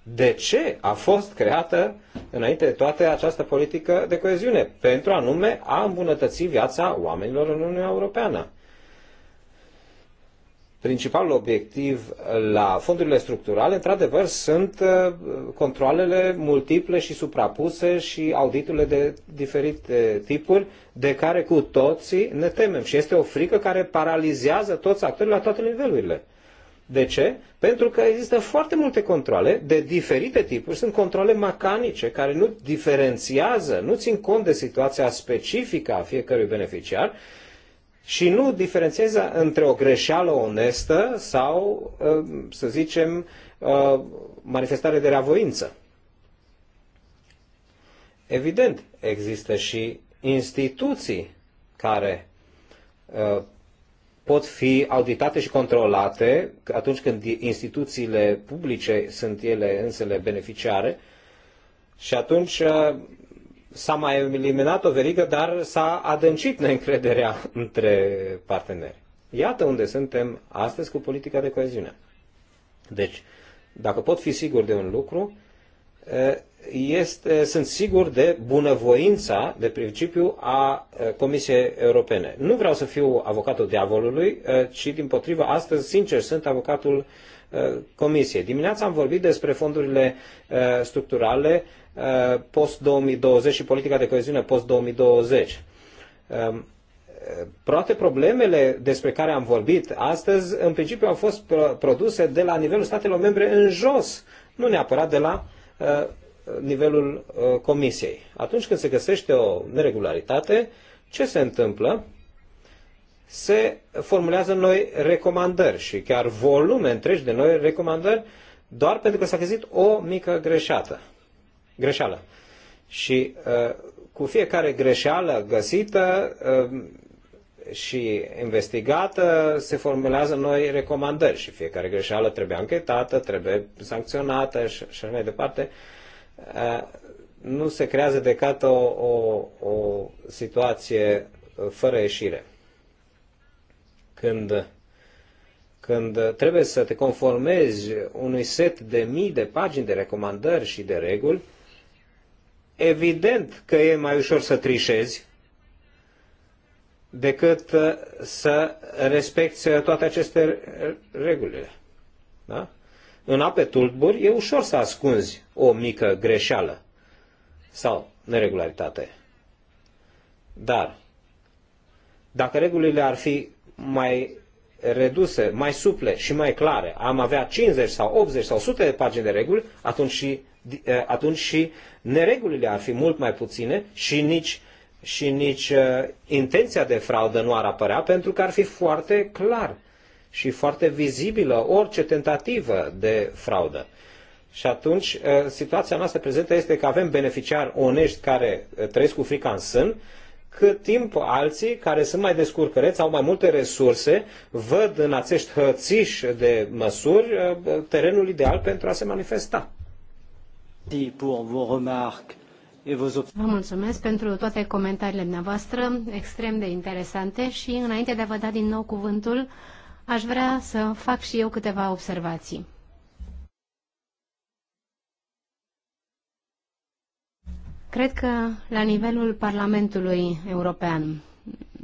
de ce a fost creată înainte de toate această politică de coeziune, pentru anume a îmbunătăți viața oamenilor în Uniunea Europeană. Principalul obiectiv la fondurile structurale, într-adevăr, sunt uh, controlele multiple și suprapuse și auditurile de diferite tipuri, de care cu toții ne temem. Și este o frică care paralizează toți actorii la toate nivelurile. De ce? Pentru că există foarte multe controle de diferite tipuri, sunt controle mecanice care nu diferențiază, nu țin cont de situația specifică a fiecărui beneficiar și nu diferențiază între o greșeală onestă sau, uh, să zicem, uh, manifestare de reavoință. Evident, există și instituții care uh, pot fi auditate și controlate atunci când instituțiile publice sunt ele însele beneficiare și atunci uh, s-a mai eliminat o verigă, dar s-a adâncit neîncrederea între parteneri. Iată unde suntem astăzi cu politica de coeziune. Deci, dacă pot fi sigur de un lucru, este, sunt sigur de bunăvoința, de principiu, a Comisiei Europene. Nu vreau să fiu avocatul diavolului, ci din potrivă, astăzi, sincer, sunt avocatul Comisiei. Dimineața am vorbit despre fondurile structurale post-2020 și politica de coeziune post-2020. Toate problemele despre care am vorbit astăzi, în principiu, au fost produse de la nivelul statelor membre în jos, nu neapărat de la Uh, nivelul uh, comisiei. Atunci când se găsește o neregularitate, ce se întâmplă? Se formulează noi recomandări și chiar volume întregi de noi recomandări doar pentru că s-a găsit o mică greșeală. greșeală. Și uh, cu fiecare greșeală găsită și investigată, se formulează noi recomandări și fiecare greșeală trebuie anchetată, trebuie sancționată și așa mai departe. Nu se creează decât o, o, o situație uh, fără ieșire. Când, când trebuie să te conformezi unui set de mii de pagini de recomandări și de reguli, evident că e mai ușor să trișezi decât uh, să respecti uh, toate aceste reguli. Da? În ape tulburi e ușor să ascunzi o mică greșeală sau neregularitate. Dar dacă regulile ar fi mai reduse, mai suple și mai clare, am avea 50 sau 80 sau 100 de pagini de reguli, atunci și, uh, atunci și neregulile ar fi mult mai puține și nici uh, și nici uh, intenția de fraudă nu ar apărea pentru că ar fi foarte clar și foarte vizibilă orice tentativă de fraudă. Și atunci, uh, situația noastră prezentă este că avem beneficiari onești care uh, trăiesc cu frica în sân, cât timp alții care sunt mai descurcăreți, au mai multe resurse, văd în acești hățiși de măsuri terenul ideal pentru a se manifesta. Pour vos remarques Vă mulțumesc pentru toate comentariile dumneavoastră, extrem de interesante și înainte de a vă da din nou cuvântul, aș vrea să fac și eu câteva observații. Cred că la nivelul Parlamentului European,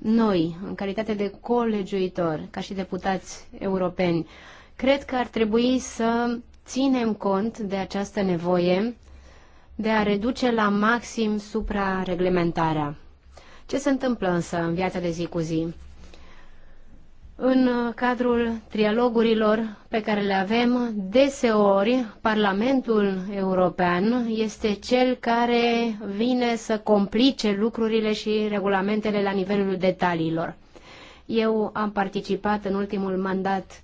noi, în calitate de colegiuitori, ca și deputați europeni, cred că ar trebui să ținem cont de această nevoie de a reduce la maxim suprareglementarea. Ce se întâmplă însă în viața de zi cu zi? În cadrul trialogurilor pe care le avem, deseori Parlamentul European este cel care vine să complice lucrurile și regulamentele la nivelul detaliilor. Eu am participat în ultimul mandat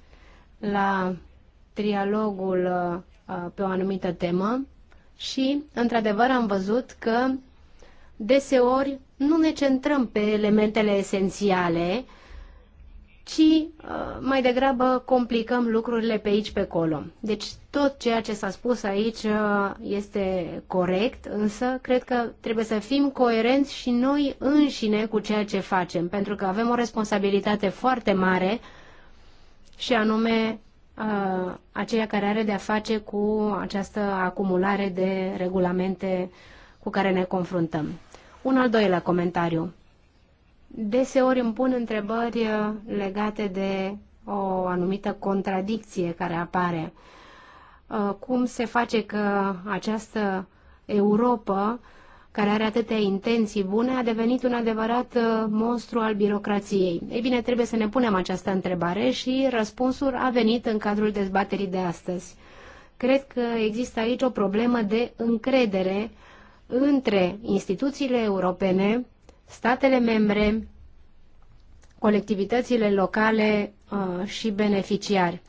la trialogul uh, pe o anumită temă și, într-adevăr, am văzut că deseori nu ne centrăm pe elementele esențiale, ci uh, mai degrabă complicăm lucrurile pe aici, pe acolo. Deci tot ceea ce s-a spus aici uh, este corect, însă cred că trebuie să fim coerenți și noi înșine cu ceea ce facem, pentru că avem o responsabilitate foarte mare și anume aceea care are de-a face cu această acumulare de regulamente cu care ne confruntăm. Un al doilea comentariu. Deseori îmi pun întrebări uh, legate de o anumită contradicție care apare. Uh, cum se face că această Europa care are atâtea intenții bune, a devenit un adevărat uh, monstru al birocrației? Ei bine, trebuie să ne punem această întrebare și răspunsul a venit în cadrul dezbaterii de astăzi. Cred că există aici o problemă de încredere între instituțiile europene, statele membre, colectivitățile locale uh, și beneficiari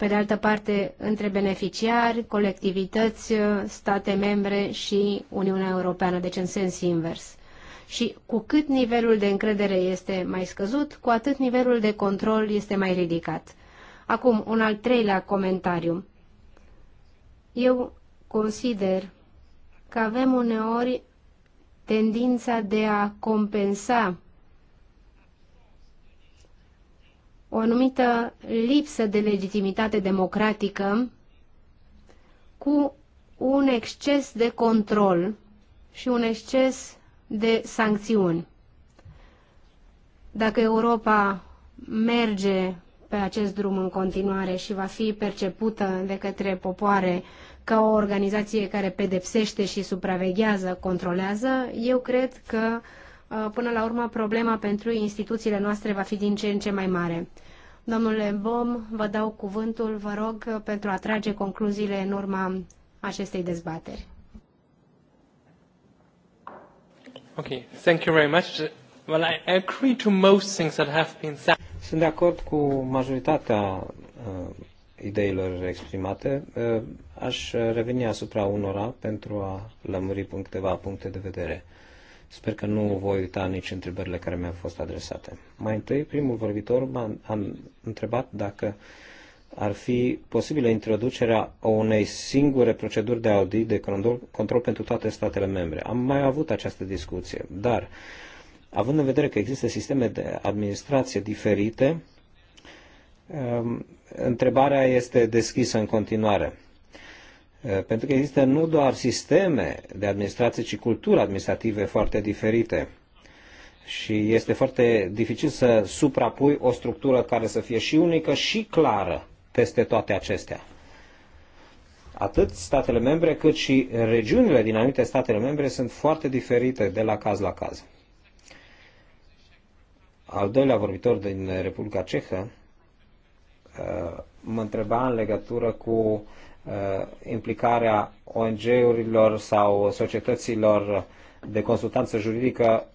pe de altă parte între beneficiari, colectivități, state membre și Uniunea Europeană, deci în sens invers. Și cu cât nivelul de încredere este mai scăzut, cu atât nivelul de control este mai ridicat. Acum, un al treilea comentariu. Eu consider că avem uneori tendința de a compensa o anumită lipsă de legitimitate democratică cu un exces de control și un exces de sancțiuni. Dacă Europa merge pe acest drum în continuare și va fi percepută de către popoare ca o organizație care pedepsește și supraveghează, controlează, eu cred că uh, Uh, până la urmă problema pentru instituțiile noastre va fi din ce în ce mai mare. Domnule Bom, vă dau cuvântul, vă rog, pentru a trage concluziile în urma acestei dezbateri. Ok, thank you very much. Well, I agree to most things that have been said. Sunt de acord cu majoritatea uh, ideilor exprimate. Uh, aș reveni asupra unora pentru a lămuri câteva puncte de vedere. Uh, Sper că nu voi uita nici întrebările care mi-au fost adresate. Mai întâi, primul vorbitor m-a întrebat dacă ar fi posibilă introducerea unei singure proceduri de audit de control, control pentru toate statele membre. Am mai avut această discuție, dar având în vedere că există sisteme de administrație diferite, um, întrebarea este deschisă în continuare pentru că există nu doar sisteme de administrație, ci culturi administrative foarte diferite. Și este foarte dificil să suprapui o structură care să fie și unică și clară peste toate acestea. Atât statele membre cât și regiunile din anumite statele membre sunt foarte diferite de la caz la caz. Al doilea vorbitor din Republica Cehă mă întreba în legătură cu Uh, implicarea ONG-urilor sau societăților de consultanță juridică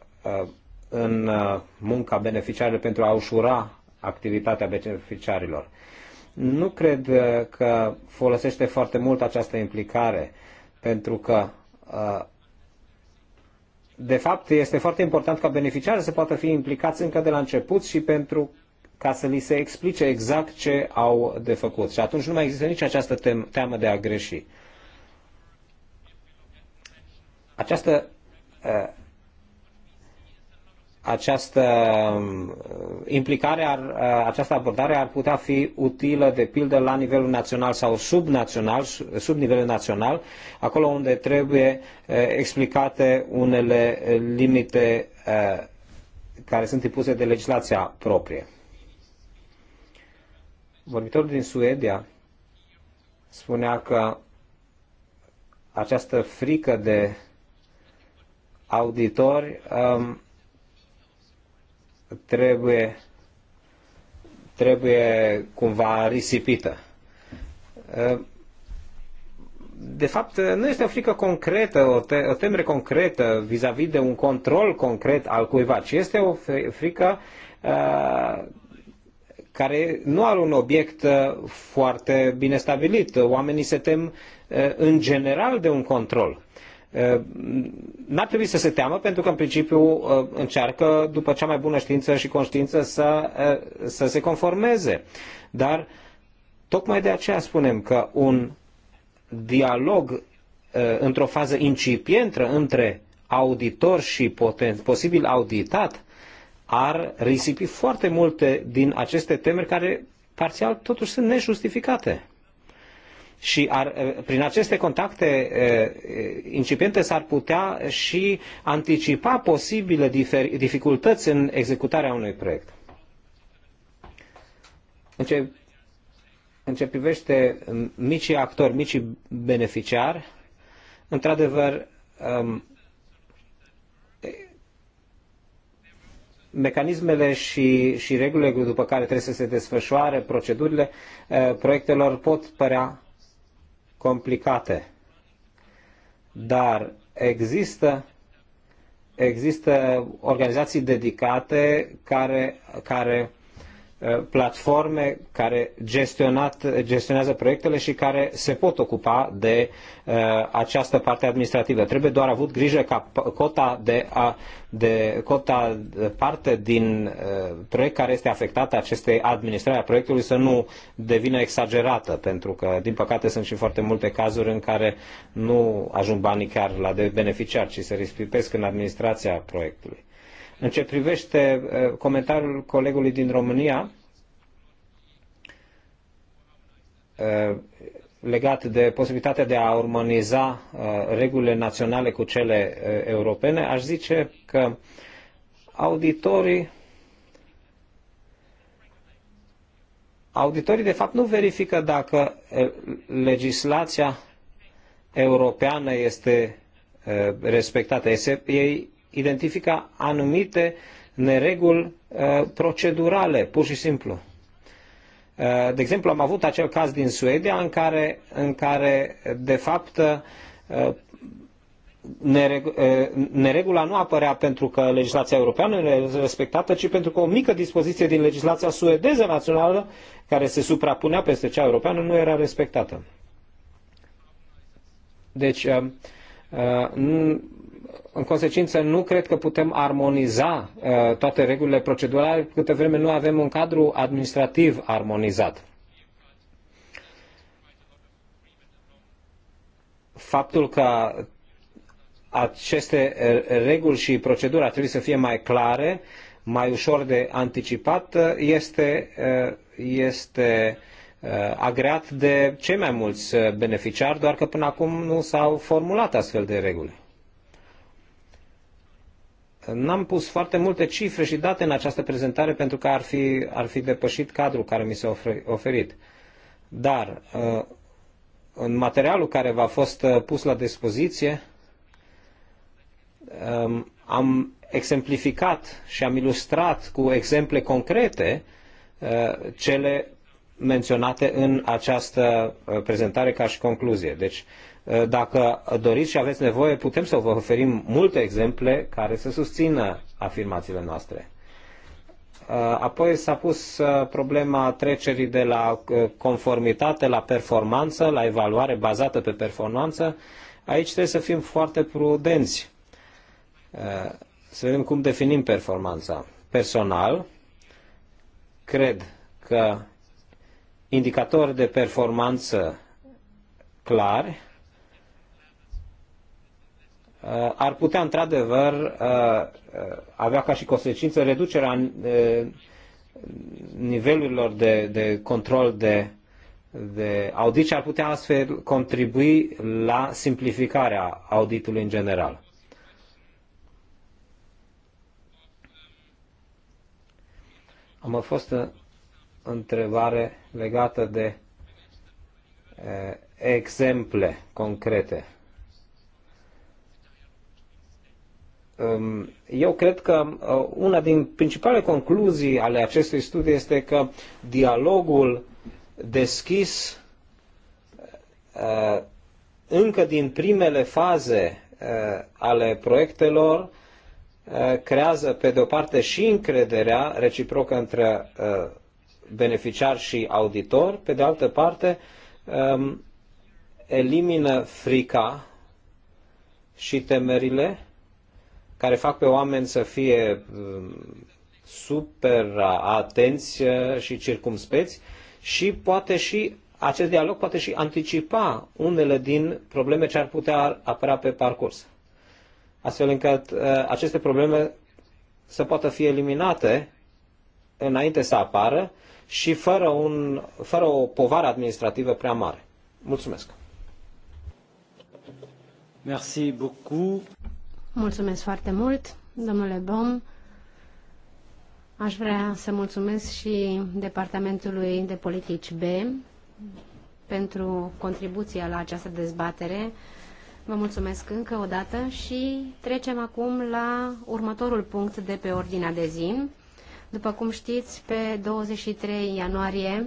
uh, în uh, munca beneficiarilor pentru a ușura activitatea beneficiarilor. Nu cred că folosește foarte mult această implicare, pentru că de fapt, este foarte important ca beneficiarii să poată fi implicați încă de la început și pentru ca să li se explice exact ce au de făcut. Și atunci nu mai există nici această teamă de a greși. Această, uh, această um, implicare, ar, uh, această abordare ar putea fi utilă, de pildă, la nivelul național sau subnațional, sub nivelul național, acolo unde trebuie uh, explicate unele limite care sunt impuse de legislația proprie vorbitorul din Suedia spunea că această frică de auditori um, trebuie, trebuie cumva risipită. Uh, de fapt, nu este o frică concretă, o, te- o temere concretă vis-a-vis -vis de un control concret al cuiva, ci este o frică uh, care nu are un obiect uh, foarte bine stabilit. Oamenii se tem uh, în general de un control. Uh, n-ar trebui să se teamă pentru că în principiu încearcă după cea mai bună știință și conștiință să, să se conformeze. Dar tocmai de aceea spunem că un dialog într-o fază incipientă între auditor și poten- posibil auditat ar risipi foarte multe din aceste temeri care parțial totuși sunt nejustificate. Și ar, eh, prin aceste contacte eh, incipiente s-ar putea și anticipa posibile dificultăți în executarea unui proiect. În ce, în ce privește micii actori, micii beneficiari, într-adevăr, ehm, mecanismele și, și regulile după care trebuie să se desfășoare procedurile eh, proiectelor pot părea complicate. Dar există, există organizații dedicate care, care Uh, platforme care gestionat, gestionează proiectele și care se pot ocupa de uh, această parte administrativă. Trebuie doar avut grijă ca cota de, a, de cota de parte din uh, proiect care este afectată acestei administrare a proiectului să nu devină exagerată, pentru că, din păcate, sunt și foarte multe cazuri în care nu ajung banii chiar la de beneficiar, ci se risipesc în administrația proiectului. În ce privește eh, comentariul colegului din România, eh, legat de posibilitatea de a armoniza eh, regulile naționale cu cele europene, aș zice că auditorii auditorii de fapt nu verifică dacă legislația europeană este respectată. Ei identifică anumite nereguli uh, procedurale, pur și simplu. Uh, de exemplu, am avut acel caz din Suedia în care, în care de fapt, uh, neregula nu apărea pentru că legislația europeană nu respectată, ci pentru că o mică dispoziție din legislația suedeză națională, care se suprapunea peste cea europeană, nu era respectată. Deci, în consecință, nu cred că putem armoniza uh, toate regulile procedurale câte vreme nu avem un cadru administrativ armonizat. Faptul că aceste uh, reguli și proceduri ar trebui să fie mai clare, mai ușor de anticipat, uh, este, este agreat de cei mai mulți beneficiari, doar că până acum nu s-au formulat astfel de reguli. N-am pus foarte multe cifre și date în această prezentare pentru că ar fi, ar fi depășit cadrul care mi s-a oferit. Dar uh, în materialul care v-a fost uh, pus la dispoziție um, am exemplificat și am ilustrat cu exemple concrete uh, cele menționate în această prezentare ca și concluzie. Deci Eh, dacă doriți și aveți nevoie, putem să vă oferim multe exemple care să susțină afirmațiile noastre. Eh, apoi s-a pus eh, problema trecerii de la conformitate la performanță, la evaluare bazată pe performanță. Aici trebuie să fim foarte prudenți. Să vedem cum definim performanța. Personal, cred că indicatori de performanță clari Uh, ar putea într-adevăr uh, uh, avea ca și consecință reducerea nivelurilor de, de control de, de audit și ar putea astfel contribui la simplificarea auditului în general. Am fost întrebare legată de exemple concrete. Um, eu cred că uh, una din principalele concluzii ale acestui studiu este că dialogul deschis uh, încă din primele faze uh, ale proiectelor creează pe de o parte și încrederea reciprocă între beneficiar și auditor, pe de altă parte um, elimină frica și temerile care fac pe oameni să fie um, super atenți uh, și circumspeți și poate și acest dialog poate și anticipa unele din probleme ce ar putea apărea pe parcurs. Astfel încât uh, aceste probleme să poată fi eliminate înainte să apară și fără, un, fără o povară administrativă prea mare. Mulțumesc! Merci beaucoup. Mulțumesc foarte mult, domnule Bom. Aș vrea să mulțumesc și Departamentului de Politici B pentru contribuția la această dezbatere. Vă mulțumesc încă o dată și trecem acum la următorul punct de pe ordinea de zi. După cum știți, pe 23 ianuarie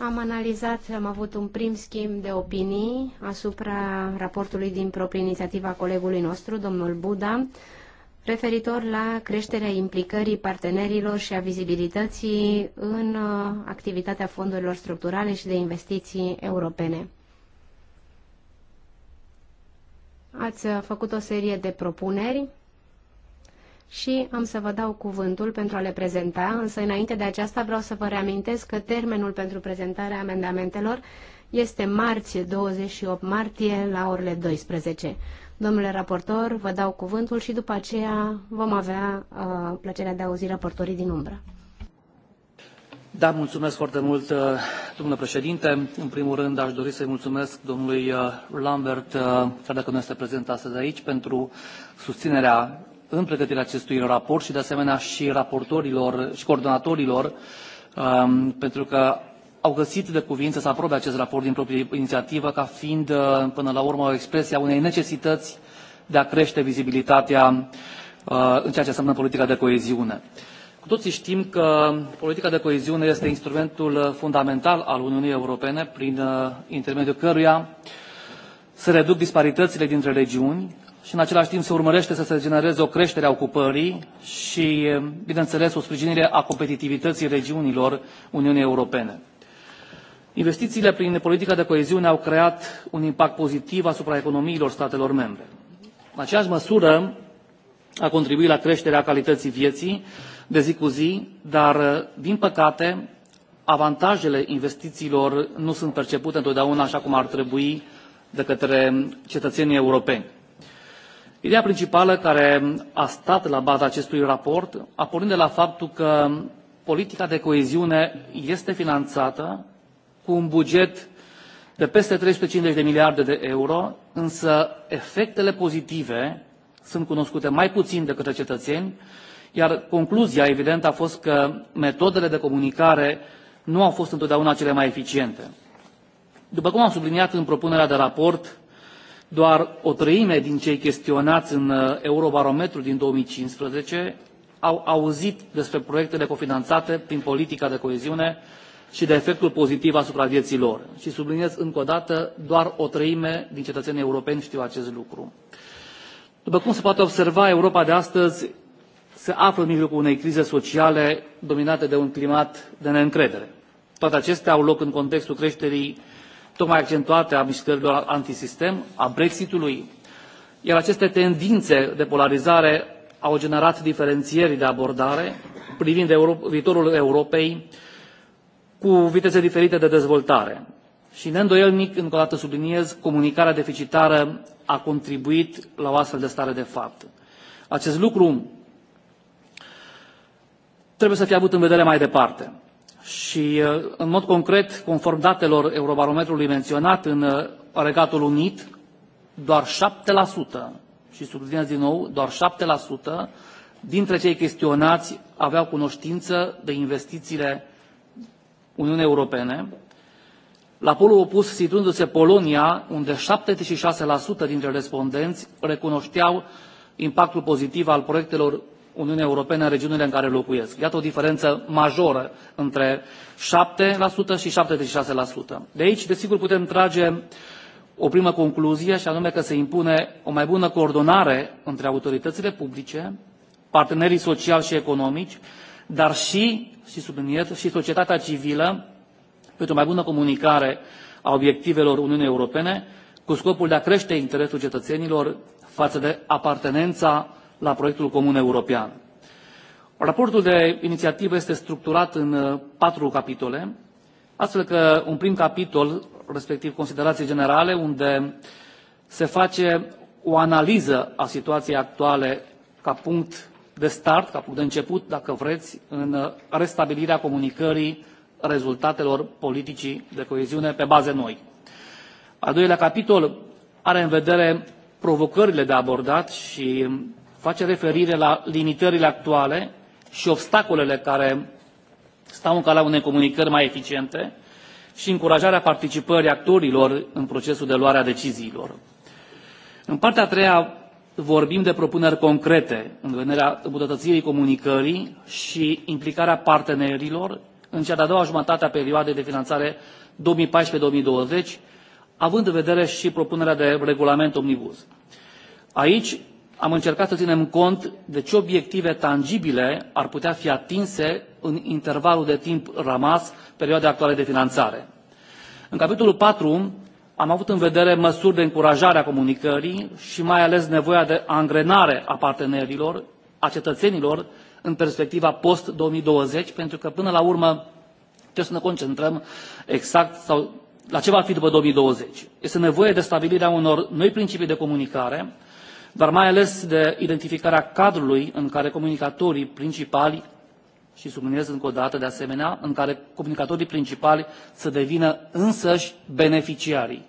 am analizat, am avut un prim schimb de opinii asupra raportului din proprie inițiativa colegului nostru, domnul Buda, referitor la creșterea implicării partenerilor și a vizibilității în uh, activitatea fondurilor structurale și de investiții europene. Ați uh, făcut o serie de propuneri și am să vă dau cuvântul pentru a le prezenta, însă înainte de aceasta vreau să vă reamintesc că termenul pentru prezentarea amendamentelor este marți, 28 martie, la orele 12. Domnule raportor, vă dau cuvântul și după aceea vom avea uh, plăcerea de a auzi raportorii din umbră. Da, mulțumesc foarte mult, uh, domnule președinte. În primul rând, aș dori să-i mulțumesc domnului uh, Lambert, uh, chiar dacă nu este prezent astăzi aici, pentru susținerea în pregătirea acestui raport și de asemenea și raportorilor și coordonatorilor um, pentru că au găsit de cuvință să aprobe acest raport din proprie inițiativă ca fiind uh, până la urmă o expresie a unei necesități de a crește vizibilitatea uh, în ceea ce înseamnă politica de coeziune. Cu toții știm că politica de coeziune este instrumentul fundamental al Uniunii Europene prin uh, intermediul căruia se reduc disparitățile dintre regiuni, și în același timp se urmărește să se genereze o creștere a ocupării și, bineînțeles, o sprijinire a competitivității regiunilor Uniunii Europene. Investițiile prin politica de coeziune au creat un impact pozitiv asupra economiilor statelor membre. În aceeași măsură a contribuit la creșterea calității vieții de zi cu zi, dar, din păcate, avantajele investițiilor nu sunt percepute întotdeauna așa cum ar trebui de către cetățenii europeni ideea principală care a stat la baza acestui raport a pornit de la faptul că politica de coeziune este finanțată cu un buget de peste trei sute cincizeci de miliarde de euro însă efectele pozitive sunt cunoscute mai puțin de către cetățeni iar concluzia evidentă a fost că metodele de comunicare nu au fost întotdeauna cele mai eficiente. după cum am subliniat în propunerea de raport doar o treime din cei chestionați în uh, Eurobarometru din 2015 au auzit despre proiectele cofinanțate prin politica de coeziune și de efectul pozitiv asupra vieții lor. Și subliniez încă o dată, doar o treime din cetățenii europeni știu acest lucru. După cum se poate observa, Europa de astăzi se află în mijlocul unei crize sociale dominate de un climat de neîncredere. Toate acestea au loc în contextul creșterii tocmai accentuate a mișcărilor antisistem, a Brexitului, iar aceste tendințe de polarizare au generat diferențieri de abordare privind Euro viitorul Europei cu viteze diferite de dezvoltare. Și neîndoielnic, încă o dată subliniez, comunicarea deficitară a contribuit la o astfel de stare de fapt. Acest lucru trebuie să fie avut în vedere mai departe. Și, uh, în mod concret, conform datelor Eurobarometrului menționat, în uh, Regatul Unit, doar 7%, și subliniez din nou, doar 7% dintre cei chestionați aveau cunoștință de investițiile Uniunii Europene, la polul opus situându-se Polonia, unde 76% dintre respondenți recunoșteau impactul pozitiv al proiectelor Uniunii Europene în regiunile în care locuiesc. Iată o diferență majoră între 7% și 76%. De aici, desigur, putem trage o primă concluzie, și anume că se impune o mai bună coordonare între autoritățile publice, partenerii sociali și economici, dar și, și subliniez, și societatea civilă pentru o mai bună comunicare a obiectivelor Uniunii Europene cu scopul de a crește interesul cetățenilor față de apartenența la proiectul comun european. Raportul de inițiativă este structurat în uh, patru capitole, astfel că un prim capitol, respectiv considerații generale, unde se face o analiză a situației actuale ca punct de start, ca punct de început, dacă vreți, în restabilirea comunicării rezultatelor politicii de coeziune pe baze noi. Al doilea capitol are în vedere provocările de abordat și face referire la limitările actuale și obstacolele care stau în calea unei comunicări mai eficiente și încurajarea participării actorilor în procesul de luare a deciziilor. În partea a treia vorbim de propuneri concrete în vederea îmbunătățirii comunicării și implicarea partenerilor în cea de-a doua jumătate a perioadei de finanțare 2014-2020, având în vedere și propunerea de regulament omnibus. Aici am încercat să ținem cont de ce obiective tangibile ar putea fi atinse în intervalul de timp rămas perioadei actuale de finanțare. În capitolul 4 am avut în vedere măsuri de încurajare a comunicării și mai ales nevoia de angrenare a partenerilor, a cetățenilor, în perspectiva post-2020, pentru că până la urmă trebuie să ne concentrăm exact sau la ce va fi după 2020. Este nevoie de stabilirea unor noi principii de comunicare, dar mai ales de identificarea cadrului în care comunicatorii principali și subliniez încă o dată de asemenea în care comunicatorii principali să devină însăși beneficiarii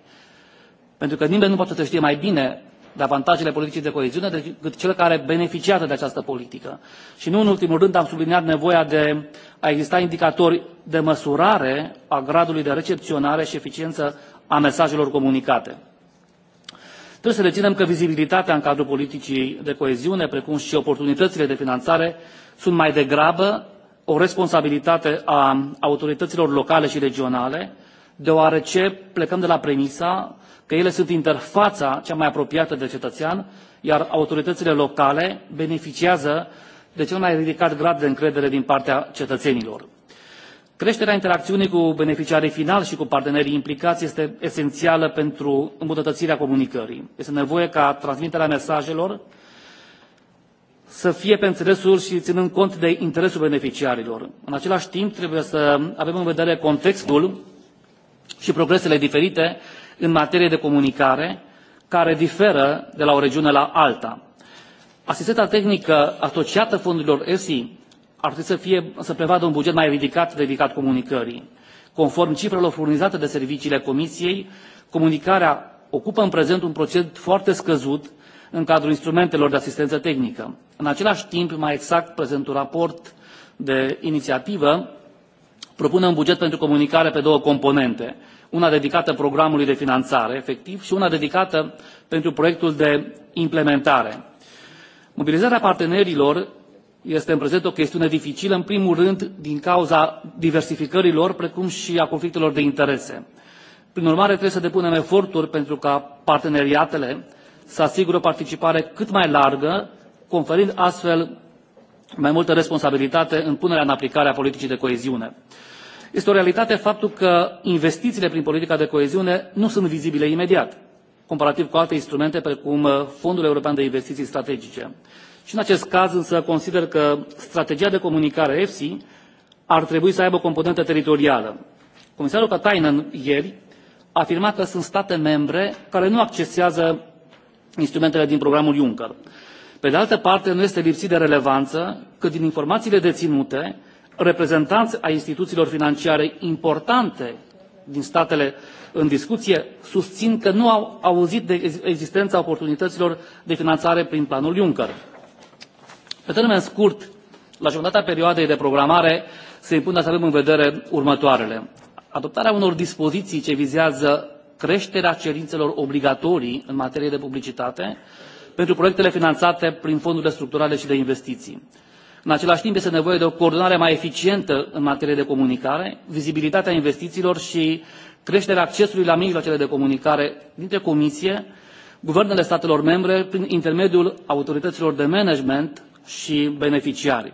pentru că nimeni nu poate să știe mai bine de avantajele politicii de coeziune decât cel care beneficiază de această politică. Și nu în ultimul rând am subliniat nevoia de a exista indicatori de măsurare a gradului de recepționare și eficiență a mesajelor comunicate. Trebuie să reținem că vizibilitatea în cadrul politicii de coeziune, precum și oportunitățile de finanțare, sunt mai degrabă o responsabilitate a autorităților locale și regionale, deoarece plecăm de la premisa că ele sunt interfața cea mai apropiată de cetățean, iar autoritățile locale beneficiază de cel mai ridicat grad de încredere din partea cetățenilor creșterea interacțiunii cu beneficiarii finali și cu partenerii implicați este esențială pentru îmbunătățirea comunicării. este nevoie ca transmiterea mesajelor să fie pe înțelesul și ținând cont de interesul beneficiarilor. în același timp trebuie să avem în vedere contextul și progresele diferite în materie de comunicare care diferă de la o regiune la alta. asistența tehnică asociată fondurilor esi ar trebui să, fie, să prevadă un buget mai ridicat dedicat comunicării. Conform cifrelor furnizate de serviciile Comisiei, comunicarea ocupă în prezent un procent foarte scăzut în cadrul instrumentelor de asistență tehnică. În același timp, mai exact, prezentul raport de inițiativă propune un buget pentru comunicare pe două componente, una dedicată programului de finanțare efectiv și una dedicată pentru proiectul de implementare. Mobilizarea partenerilor este în prezent o chestiune dificilă în primul rând din cauza diversificării lor precum și a conflictelor de interese. prin urmare trebuie să depunem eforturi pentru ca parteneriatele să asigure o participare cât mai largă conferind astfel mai multă responsabilitate în punerea în aplicare a politicii de coeziune. este o realitate faptul că investițiile prin politica de coeziune nu sunt vizibile imediat comparativ cu alte instrumente precum fondul european de investiții strategice și în acest caz însă consider că strategia de comunicare efsi ar trebui să aibă o componentă teritorială. comisarul katainen ieri a afirmat că sunt state membre care nu accesează instrumentele din programul juncker. pe de altă parte nu este lipsit de relevanță că din informațiile deținute reprezentanți ai instituțiilor financiare importante din statele în discuție susțin că nu au auzit de existența oportunităților de finanțare prin planul juncker pe termen scurt la jumătatea perioadei de programare se impune să avem în vedere următoarele adoptarea unor dispoziții ce vizează creșterea cerințelor obligatorii în materie de publicitate pentru proiectele finanțate prin fondurile structurale și de investiții. în același timp este nevoie de o coordonare mai eficientă în materie de comunicare vizibilitatea investițiilor și creșterea accesului la mijloacele de comunicare dintre comisie guvernele statelor membre prin intermediul autorităților de management și beneficiarii.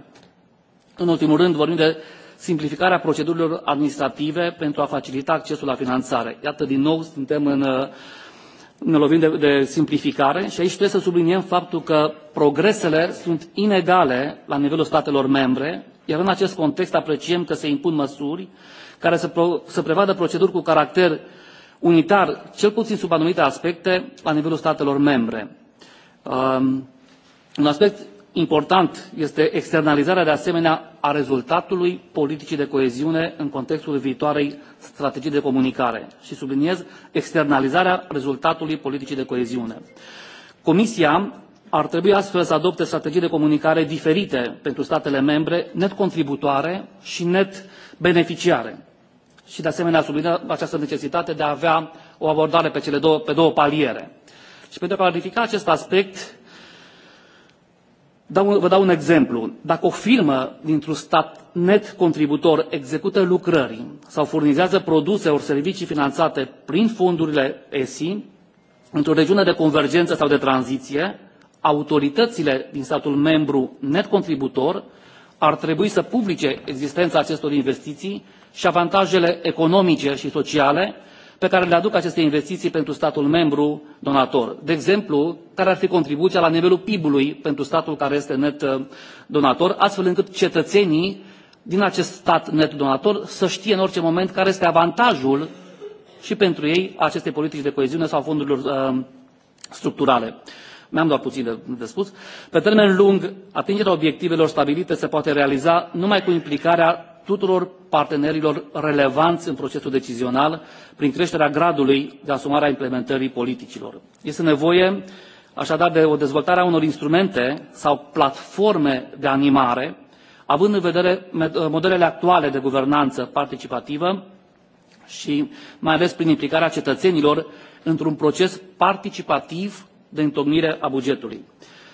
În ultimul rând, vorbim de simplificarea procedurilor administrative pentru a facilita accesul la finanțare. Iată, din nou, suntem în, uh, ne lovim de, de simplificare și aici trebuie să subliniem faptul că progresele sunt inegale la nivelul statelor membre, iar în acest context apreciem că se impun măsuri care să, pro, să prevadă proceduri cu caracter unitar, cel puțin sub anumite aspecte, la nivelul statelor membre. Um, un aspect important este externalizarea de asemenea a rezultatului politicii de coeziune în contextul viitoarei strategii de comunicare și subliniez externalizarea rezultatului politicii de coeziune. comisia ar trebui astfel să adopte strategii de comunicare diferite pentru statele membre net contributoare și net beneficiare și de asemenea sublinia această necesitate de a avea o abordare pe două paliere. și pentru a clarifica acest aspect Dau, vă dau un exemplu. Dacă o firmă dintr-un stat net contributor execută lucrări sau furnizează produse ori servicii finanțate prin fondurile ESI într-o regiune de convergență sau de tranziție, autoritățile din statul membru net contributor ar trebui să publice existența acestor investiții și avantajele economice și sociale pe care le aduc aceste investiții pentru statul membru donator de exemplu care ar fi contribuția la nivelul pib ului pentru statul care este net uh, donator astfel încât cetățenii din acest stat net donator să știe în orice moment care este avantajul și pentru ei a acestei politici de coeziune sau a fondurilor uh, structurale. mi am doar puțin de spus. pe termen lung atingerea obiectivelor stabilite se poate realiza numai cu implicarea tuturor partenerilor relevanți în procesul decizional prin creșterea gradului de asumare a implementării politicilor. este nevoie așadar de o dezvoltare a unor instrumente sau platforme de animare având în vedere modelele actuale de guvernanță participativă și mai ales prin implicarea cetățenilor într un proces participativ de întocmire a bugetului.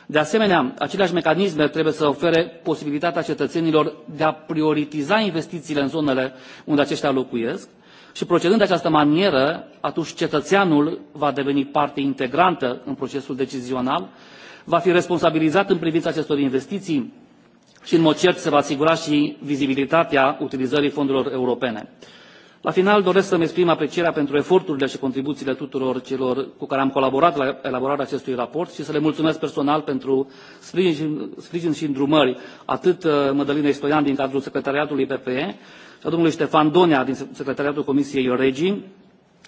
De asemenea, aceleași mecanisme trebuie să ofere posibilitatea cetățenilor de a prioritiza investițiile în zonele unde aceștia locuiesc și procedând de această manieră, atunci cetățeanul va deveni parte integrantă în procesul decizional, va fi responsabilizat în privința acestor investiții și, în mod cert, se va asigura și vizibilitatea utilizării fondurilor europene. La final doresc să-mi exprim aprecierea pentru eforturile și contribuțiile tuturor celor cu care am colaborat la elaborarea acestui raport și să le mulțumesc personal pentru sprijin, și îndrumări atât uh, Mădălinei Stoian din cadrul secretariatului PPE, și a domnului Ștefan Donea din secretariatul Comisiei Regii,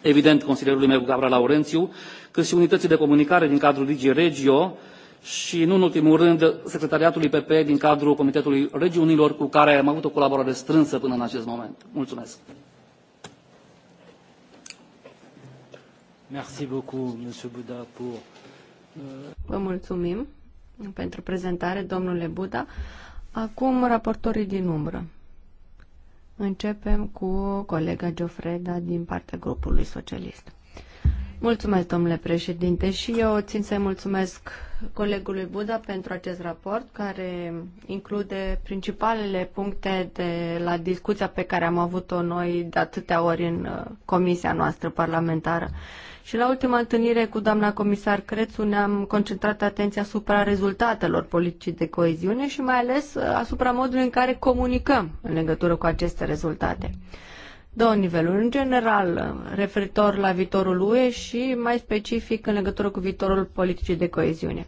evident consilierului meu Gabriel Laurențiu, cât și unității de comunicare din cadrul DG Regio și, nu în ultimul rând, secretariatului PP din cadrul Comitetului Regiunilor, cu care am avut o colaborare strânsă până în acest moment. Mulțumesc! Euh, Vă mulțumim pentru prezentare, domnule Buda. Acum, raportorii din umbră. Începem cu colega Geofreda din partea grupului socialist. Mulțumesc, domnule președinte, și eu țin să-i mulțumesc colegului Buda pentru acest raport, care include principalele puncte de la discuția pe care am avut-o noi de atâtea ori în uh, comisia noastră parlamentară. Uh, și la ultima întâlnire cu doamna comisar Crețu ne-am concentrat atenția asupra rezultatelor politicii de coeziune și mai ales uh, asupra modului în care comunicăm în legătură cu aceste rezultate două niveluri, în general uh, referitor la viitorul UE și mai specific în legătură cu viitorul politicii de coeziune.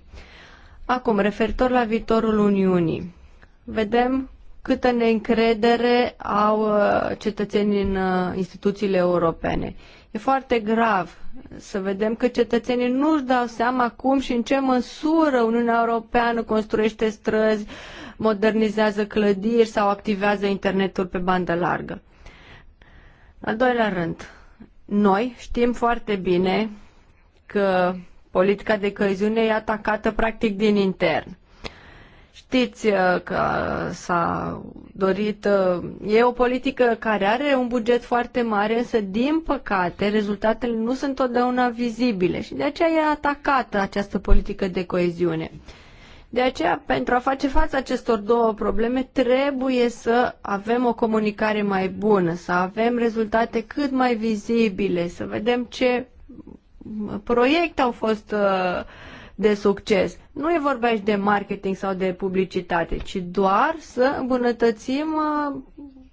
Acum, referitor la viitorul Uniunii, vedem câtă neîncredere au uh, cetățenii în instituțiile europene. E foarte grav să vedem că cetățenii nu-și dau seama cum și în ce măsură Uniunea Europeană construiește străzi, modernizează clădiri sau activează internetul pe bandă largă. Al doilea rând, noi știm foarte bine că politica de căziune e atacată practic din intern. Știți uh, că s-a dorit, uh, e o politică care are un buget foarte mare, însă din păcate rezultatele nu sunt totdeauna vizibile și de aceea e atacată această politică de coeziune. De aceea, pentru a face față acestor două probleme, trebuie să avem o comunicare mai bună, să avem rezultate cât mai vizibile, să vedem ce proiecte au fost uh, de succes. Nu e vorba aici de marketing sau de publicitate, ci doar să îmbunătățim uh,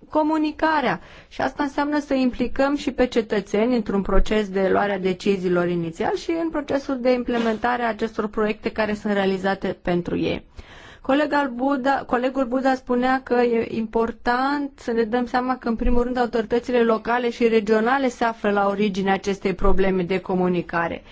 comunicarea. Și asta înseamnă să implicăm și pe cetățeni într-un proces de luarea deciziilor inițial și în procesul de implementare a acestor proiecte care sunt realizate pentru ei. Colegul Buda, colegul Buda spunea că e important să ne dăm seama că, în primul rând, autoritățile locale și regionale se află la originea acestei probleme de comunicare. Uh,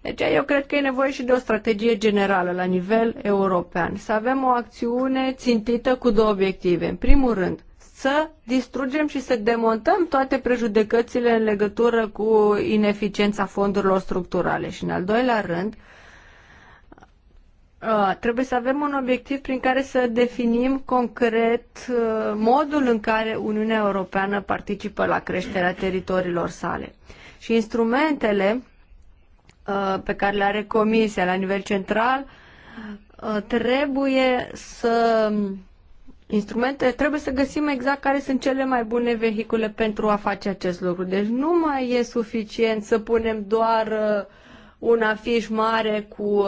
de deci, aceea eu cred că e nevoie și de o strategie generală la nivel european. Să avem o acțiune țintită cu două obiective. În primul rând, să distrugem și să demontăm toate prejudecățile în legătură cu ineficiența fondurilor structurale. Și în al doilea rând, trebuie să avem un obiectiv prin care să definim concret modul în care Uniunea Europeană participă la creșterea teritoriilor sale. Și instrumentele Uh, pe care le are Comisia la nivel central, uh, trebuie să instrumente, trebuie să găsim exact care sunt cele mai bune vehicule pentru a face acest lucru. Deci nu mai e suficient să punem doar uh, un afiș mare cu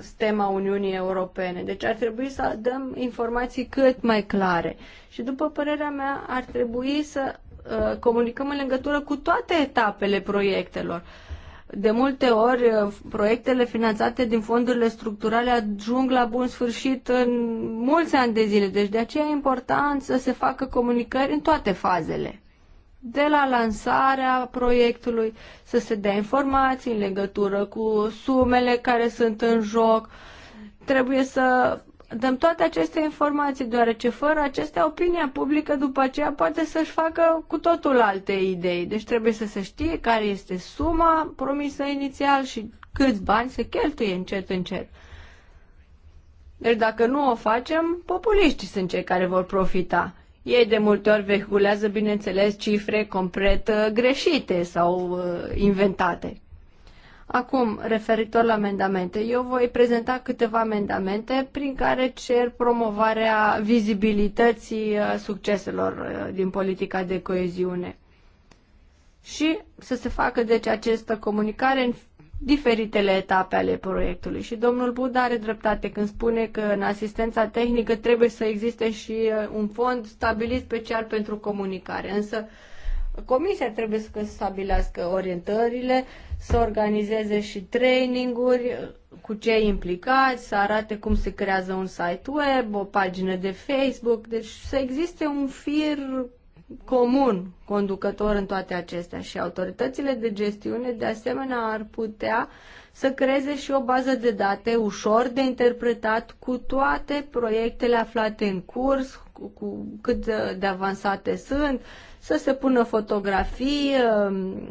stema Uniunii Europene. Deci ar trebui să dăm informații cât mai clare. Și după părerea mea ar trebui să comunicăm în legătură cu toate etapele proiectelor de multe ori, uh, proiectele finanțate din fondurile structurale ajung la bun sfârșit în mulți ani de zile, deci de aceea e important să se facă comunicări în toate fazele. De la lansarea proiectului, să se dea informații în legătură cu sumele care sunt în joc, trebuie să dăm toate aceste informații, deoarece fără acestea opinia publică după aceea poate să-și facă cu totul alte idei. Deci trebuie să se știe care este suma promisă inițial și câți bani se cheltuie încet încet. Deci dacă nu o facem, populiștii sunt cei care vor profita. Ei de multe ori vehiculează, bineînțeles, cifre complet uh, greșite sau uh, inventate, Acum, referitor la amendamente, eu voi prezenta câteva amendamente prin care cer promovarea vizibilității uh, succeselor uh, din politica de coeziune și să se facă deci această comunicare în diferitele etape ale proiectului. Și domnul Buda are dreptate când spune că în asistența tehnică trebuie să existe și uh, un fond stabilit special pentru comunicare. Însă, uh, Comisia trebuie să stabilească orientările, să organizeze și traininguri cu cei implicați, să arate cum se creează un site web, o pagină de Facebook, deci să existe un fir comun conducător în toate acestea și autoritățile de gestiune de asemenea ar putea să creeze și o bază de date ușor de interpretat cu toate proiectele aflate în curs, cu, cu cât de avansate sunt, să se pună fotografii, um,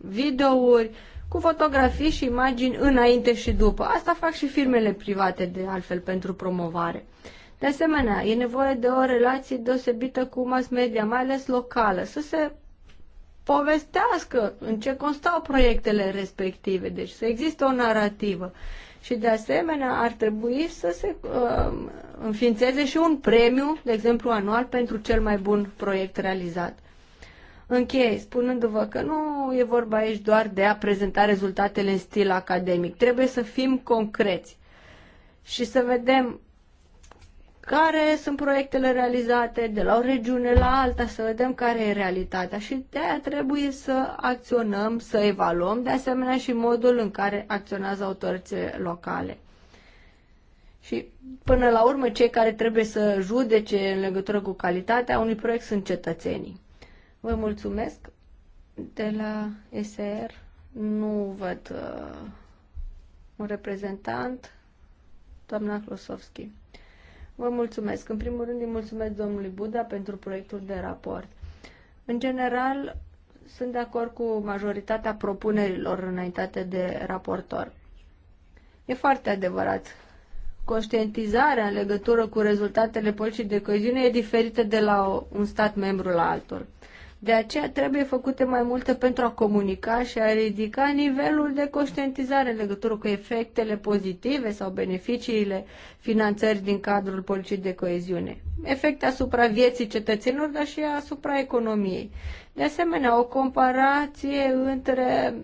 videouri, cu fotografii și imagini înainte și după. Asta fac și firmele private, de altfel, pentru promovare. De asemenea, e nevoie de o relație deosebită cu mass media, mai ales locală, să se povestească în ce constau proiectele respective, deci să existe o narrativă. Și de asemenea ar trebui să se uh, înființeze și un premiu, de exemplu anual, pentru cel mai bun proiect realizat. Închei spunându-vă că nu e vorba aici doar de a prezenta rezultatele în stil academic. Trebuie să fim concreți și să vedem care sunt proiectele realizate de la o regiune la alta, să vedem care e realitatea și de aia trebuie să acționăm, să evaluăm, de asemenea și modul în care acționează autoritățile locale. Și până la urmă, cei care trebuie să judece în legătură cu calitatea unui proiect sunt cetățenii. Vă mulțumesc. De la SR nu văd uh, un reprezentant. Doamna Klosovski. Vă mulțumesc. În primul rând îi mulțumesc domnului Buda pentru proiectul de raport. În general, sunt de acord cu majoritatea propunerilor înaintate de raportor. E foarte adevărat. Conștientizarea în legătură cu rezultatele politicii de coeziune e diferită de la un stat membru la altul. De aceea trebuie făcute mai multe pentru a comunica și a ridica nivelul de conștientizare în legătură cu efectele pozitive sau beneficiile finanțării din cadrul politicii de coeziune. Efecte asupra vieții cetățenilor, dar și asupra economiei. De asemenea, o comparație între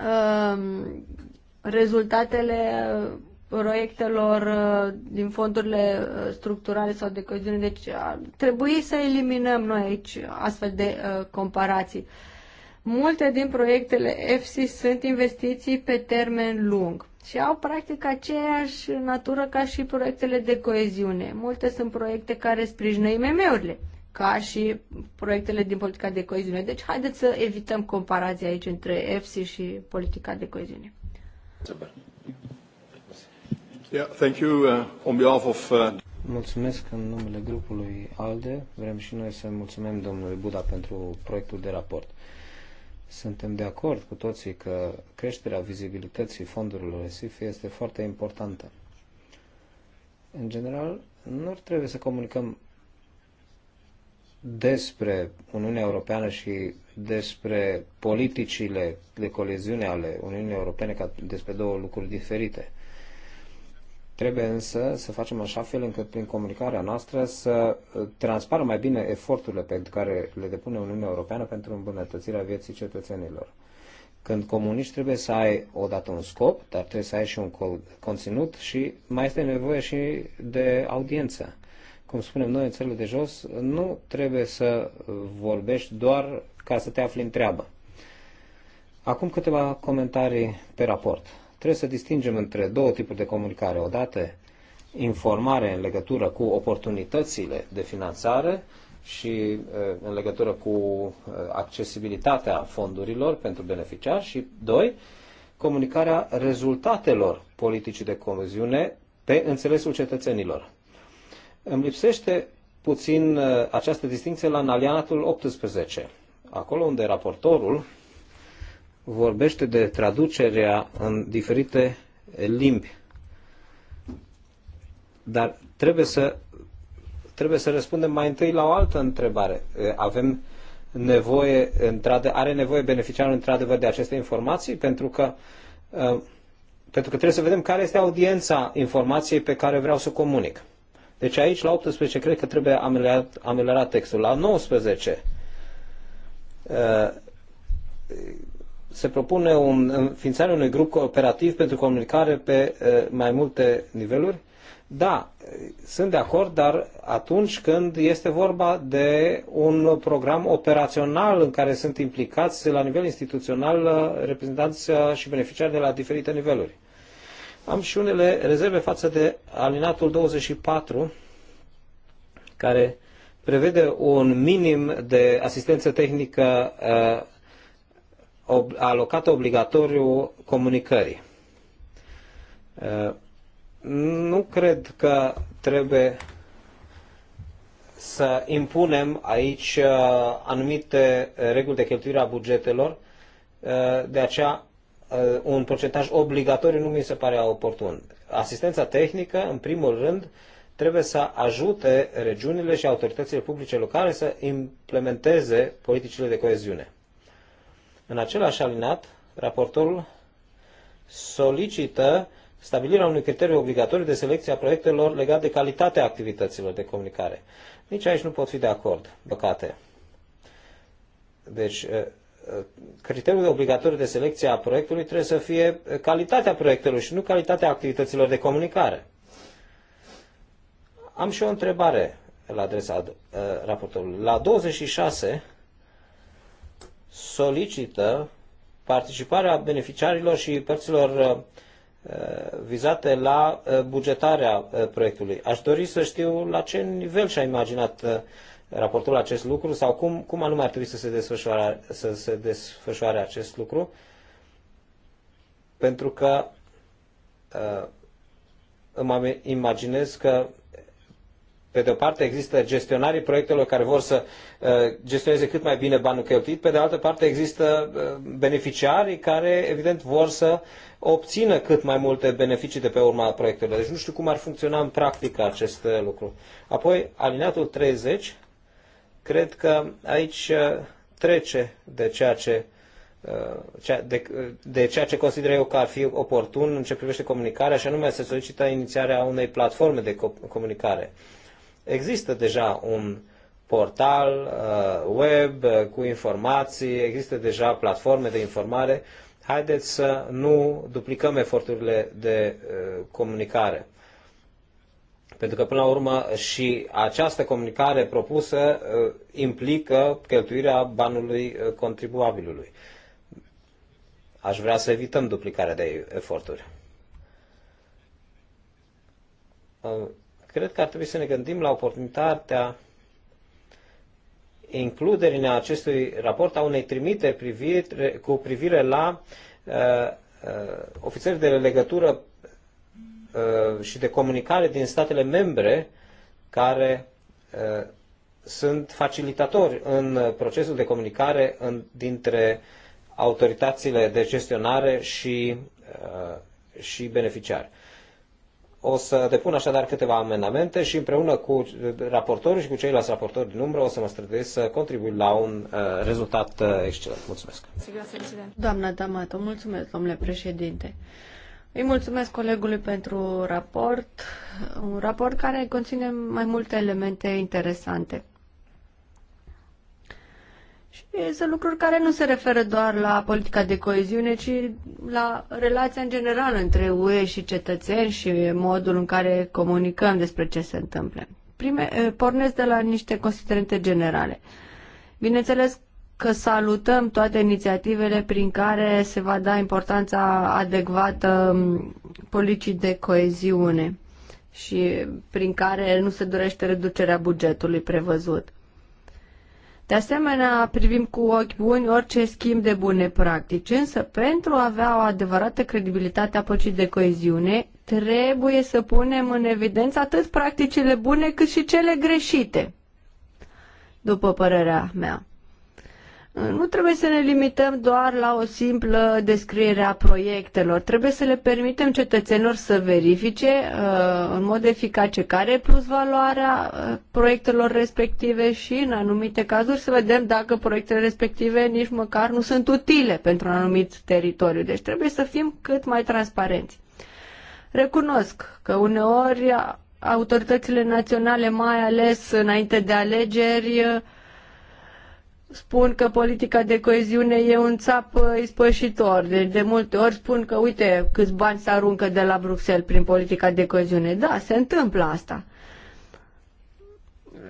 uh, rezultatele proiectelor uh, din fondurile uh, structurale sau de coeziune. Deci ar uh, trebui să eliminăm noi aici astfel de comparații. Multe din proiectele EFSI sunt investiții pe termen lung și au practic aceeași natură ca și proiectele de coeziune. Multe sunt proiecte care sprijină IMM-urile, ca și proiectele din politica de coeziune. Deci haideți să evităm comparația aici între EFSI și politica de coeziune. Super. Yeah, thank you. Uh, on behalf of, uh... Mulțumesc în numele grupului ALDE. Vrem și noi să mulțumim domnului Buda pentru proiectul de raport. Suntem de acord cu toții că creșterea vizibilității fondurilor SIF este foarte importantă. În general, nu trebuie să comunicăm despre Uniunea Europeană și despre politicile de coleziune ale Uniunii Europene ca despre două lucruri diferite. Trebuie însă să facem așa fel încât prin comunicarea noastră să uh, transpară mai bine eforturile pe care le depune Uniunea Europeană pentru îmbunătățirea vieții cetățenilor. Când comunici trebuie să ai odată un scop, dar trebuie să ai și un conținut și mai este nevoie și de audiență. Cum spunem noi în țările de jos, nu trebuie să vorbești doar ca să te afli în treabă. Acum câteva comentarii pe raport. Trebuie să distingem între două tipuri de comunicare. Odată informare în legătură cu oportunitățile de finanțare și în legătură cu accesibilitatea fondurilor pentru beneficiari și, doi, comunicarea rezultatelor politicii de coeziune pe înțelesul cetățenilor. Îmi lipsește puțin această distinție la în alianatul 18, acolo unde raportorul vorbește de traducerea în diferite limbi. Dar trebuie să, trebuie să răspundem mai întâi la o altă întrebare. Avem nevoie, are nevoie beneficiarul într-adevăr de aceste informații? Pentru că, pentru că trebuie să vedem care este audiența informației pe care vreau să o comunic. Deci aici, la 18, cred că trebuie ameliorat, ameliorat textul. La 19, se propune un, înființare unui grup cooperativ pentru comunicare pe eh, mai multe niveluri. Da, sunt de acord, dar atunci când este vorba de un program operațional în care sunt implicați la nivel instituțional eh, reprezentanți eh, și beneficiari de la diferite niveluri. Am și unele rezerve față de alinatul 24, care prevede un minim de asistență tehnică alocat obligatoriu comunicării. Nu cred că trebuie să impunem aici anumite reguli de cheltuire a bugetelor, de aceea un procentaj obligatoriu nu mi se pare oportun. Asistența tehnică, în primul rând, trebuie să ajute regiunile și autoritățile publice locale să implementeze politicile de coeziune. În același alinat, raportorul solicită stabilirea unui criteriu obligatoriu de selecție a proiectelor legat de calitatea activităților de comunicare. Nici aici nu pot fi de acord, băcate. Deci, eh, criteriul obligatoriu de selecție a proiectului trebuie să fie calitatea proiectelor și nu calitatea activităților de comunicare. Am și o întrebare la adresa eh, raportorului. La 26 solicită participarea beneficiarilor și părților uh, uh, vizate la uh, bugetarea proiectului. Aș dori să știu la ce nivel și-a imaginat raportul acest lucru sau cum, cum anume ar trebui să se, desfășoare, să se desfășoare acest lucru, pentru că îmi imaginez că pe de o parte există gestionarii proiectelor care vor să uh, gestioneze cât mai bine banul cheltuit, pe de altă parte există uh, beneficiarii care evident vor să obțină cât mai multe beneficii de pe urma proiectelor. Deci nu știu cum ar funcționa în practică acest uh, lucru. Apoi, alineatul 30, cred că aici trece de ceea ce de, de ceea ce consider eu că ar fi oportun în ce privește comunicarea, și anume se solicită inițiarea unei platforme de comunicare. Există deja un portal uh, web uh, cu informații, există deja platforme de informare. Haideți să nu duplicăm eforturile de uh, comunicare. Pentru că, până la urmă, și această comunicare propusă implică cheltuirea banului contribuabilului. Aș vrea să evităm duplicarea de eforturi cred că ar trebui să ne gândim la oportunitatea includerii în acestui raport a unei trimite privire, cu privire la uh, uh, ofițeri de legătură uh, și de comunicare din statele membre care uh, sunt facilitatori în procesul de comunicare în, dintre autoritățile de gestionare și, uh, și beneficiari. O să depun așadar câteva amendamente și împreună cu raportorul și cu ceilalți raportori din umbră o să mă străduiesc să contribui la un uh, rezultat uh, excelent. Mulțumesc. Doamna Damato, mulțumesc, domnule președinte. Îi mulțumesc colegului pentru raport, un raport care conține mai multe elemente interesante. Și sunt lucruri care nu se referă doar la politica de coeziune, ci la relația în general între UE și cetățeni și modul în care comunicăm despre ce se întâmplă. Prime, pornesc de la niște considerente generale. Bineînțeles că salutăm toate inițiativele prin care se va da importanța adecvată politicii de coeziune și prin care nu se dorește reducerea bugetului prevăzut. De asemenea, privim cu ochi buni orice schimb de bune practici, însă pentru a avea o adevărată credibilitate a păcii de coeziune, trebuie să punem în evidență atât practicile bune cât și cele greșite, după părerea mea. Nu trebuie să ne limităm doar la o simplă descriere a proiectelor. Trebuie să le permitem cetățenilor să verifice uh, în mod eficace care e plus valoarea uh, proiectelor respective și în anumite cazuri să vedem dacă proiectele respective nici măcar nu sunt utile pentru un anumit teritoriu. Deci trebuie să fim cât mai transparenți. Recunosc că uneori autoritățile naționale, mai ales înainte de alegeri, uh, spun că politica de coeziune e un țap uh, ispășitor. Deci de multe ori spun că uite câți bani se aruncă de la Bruxelles prin politica de coeziune. Da, se întâmplă asta.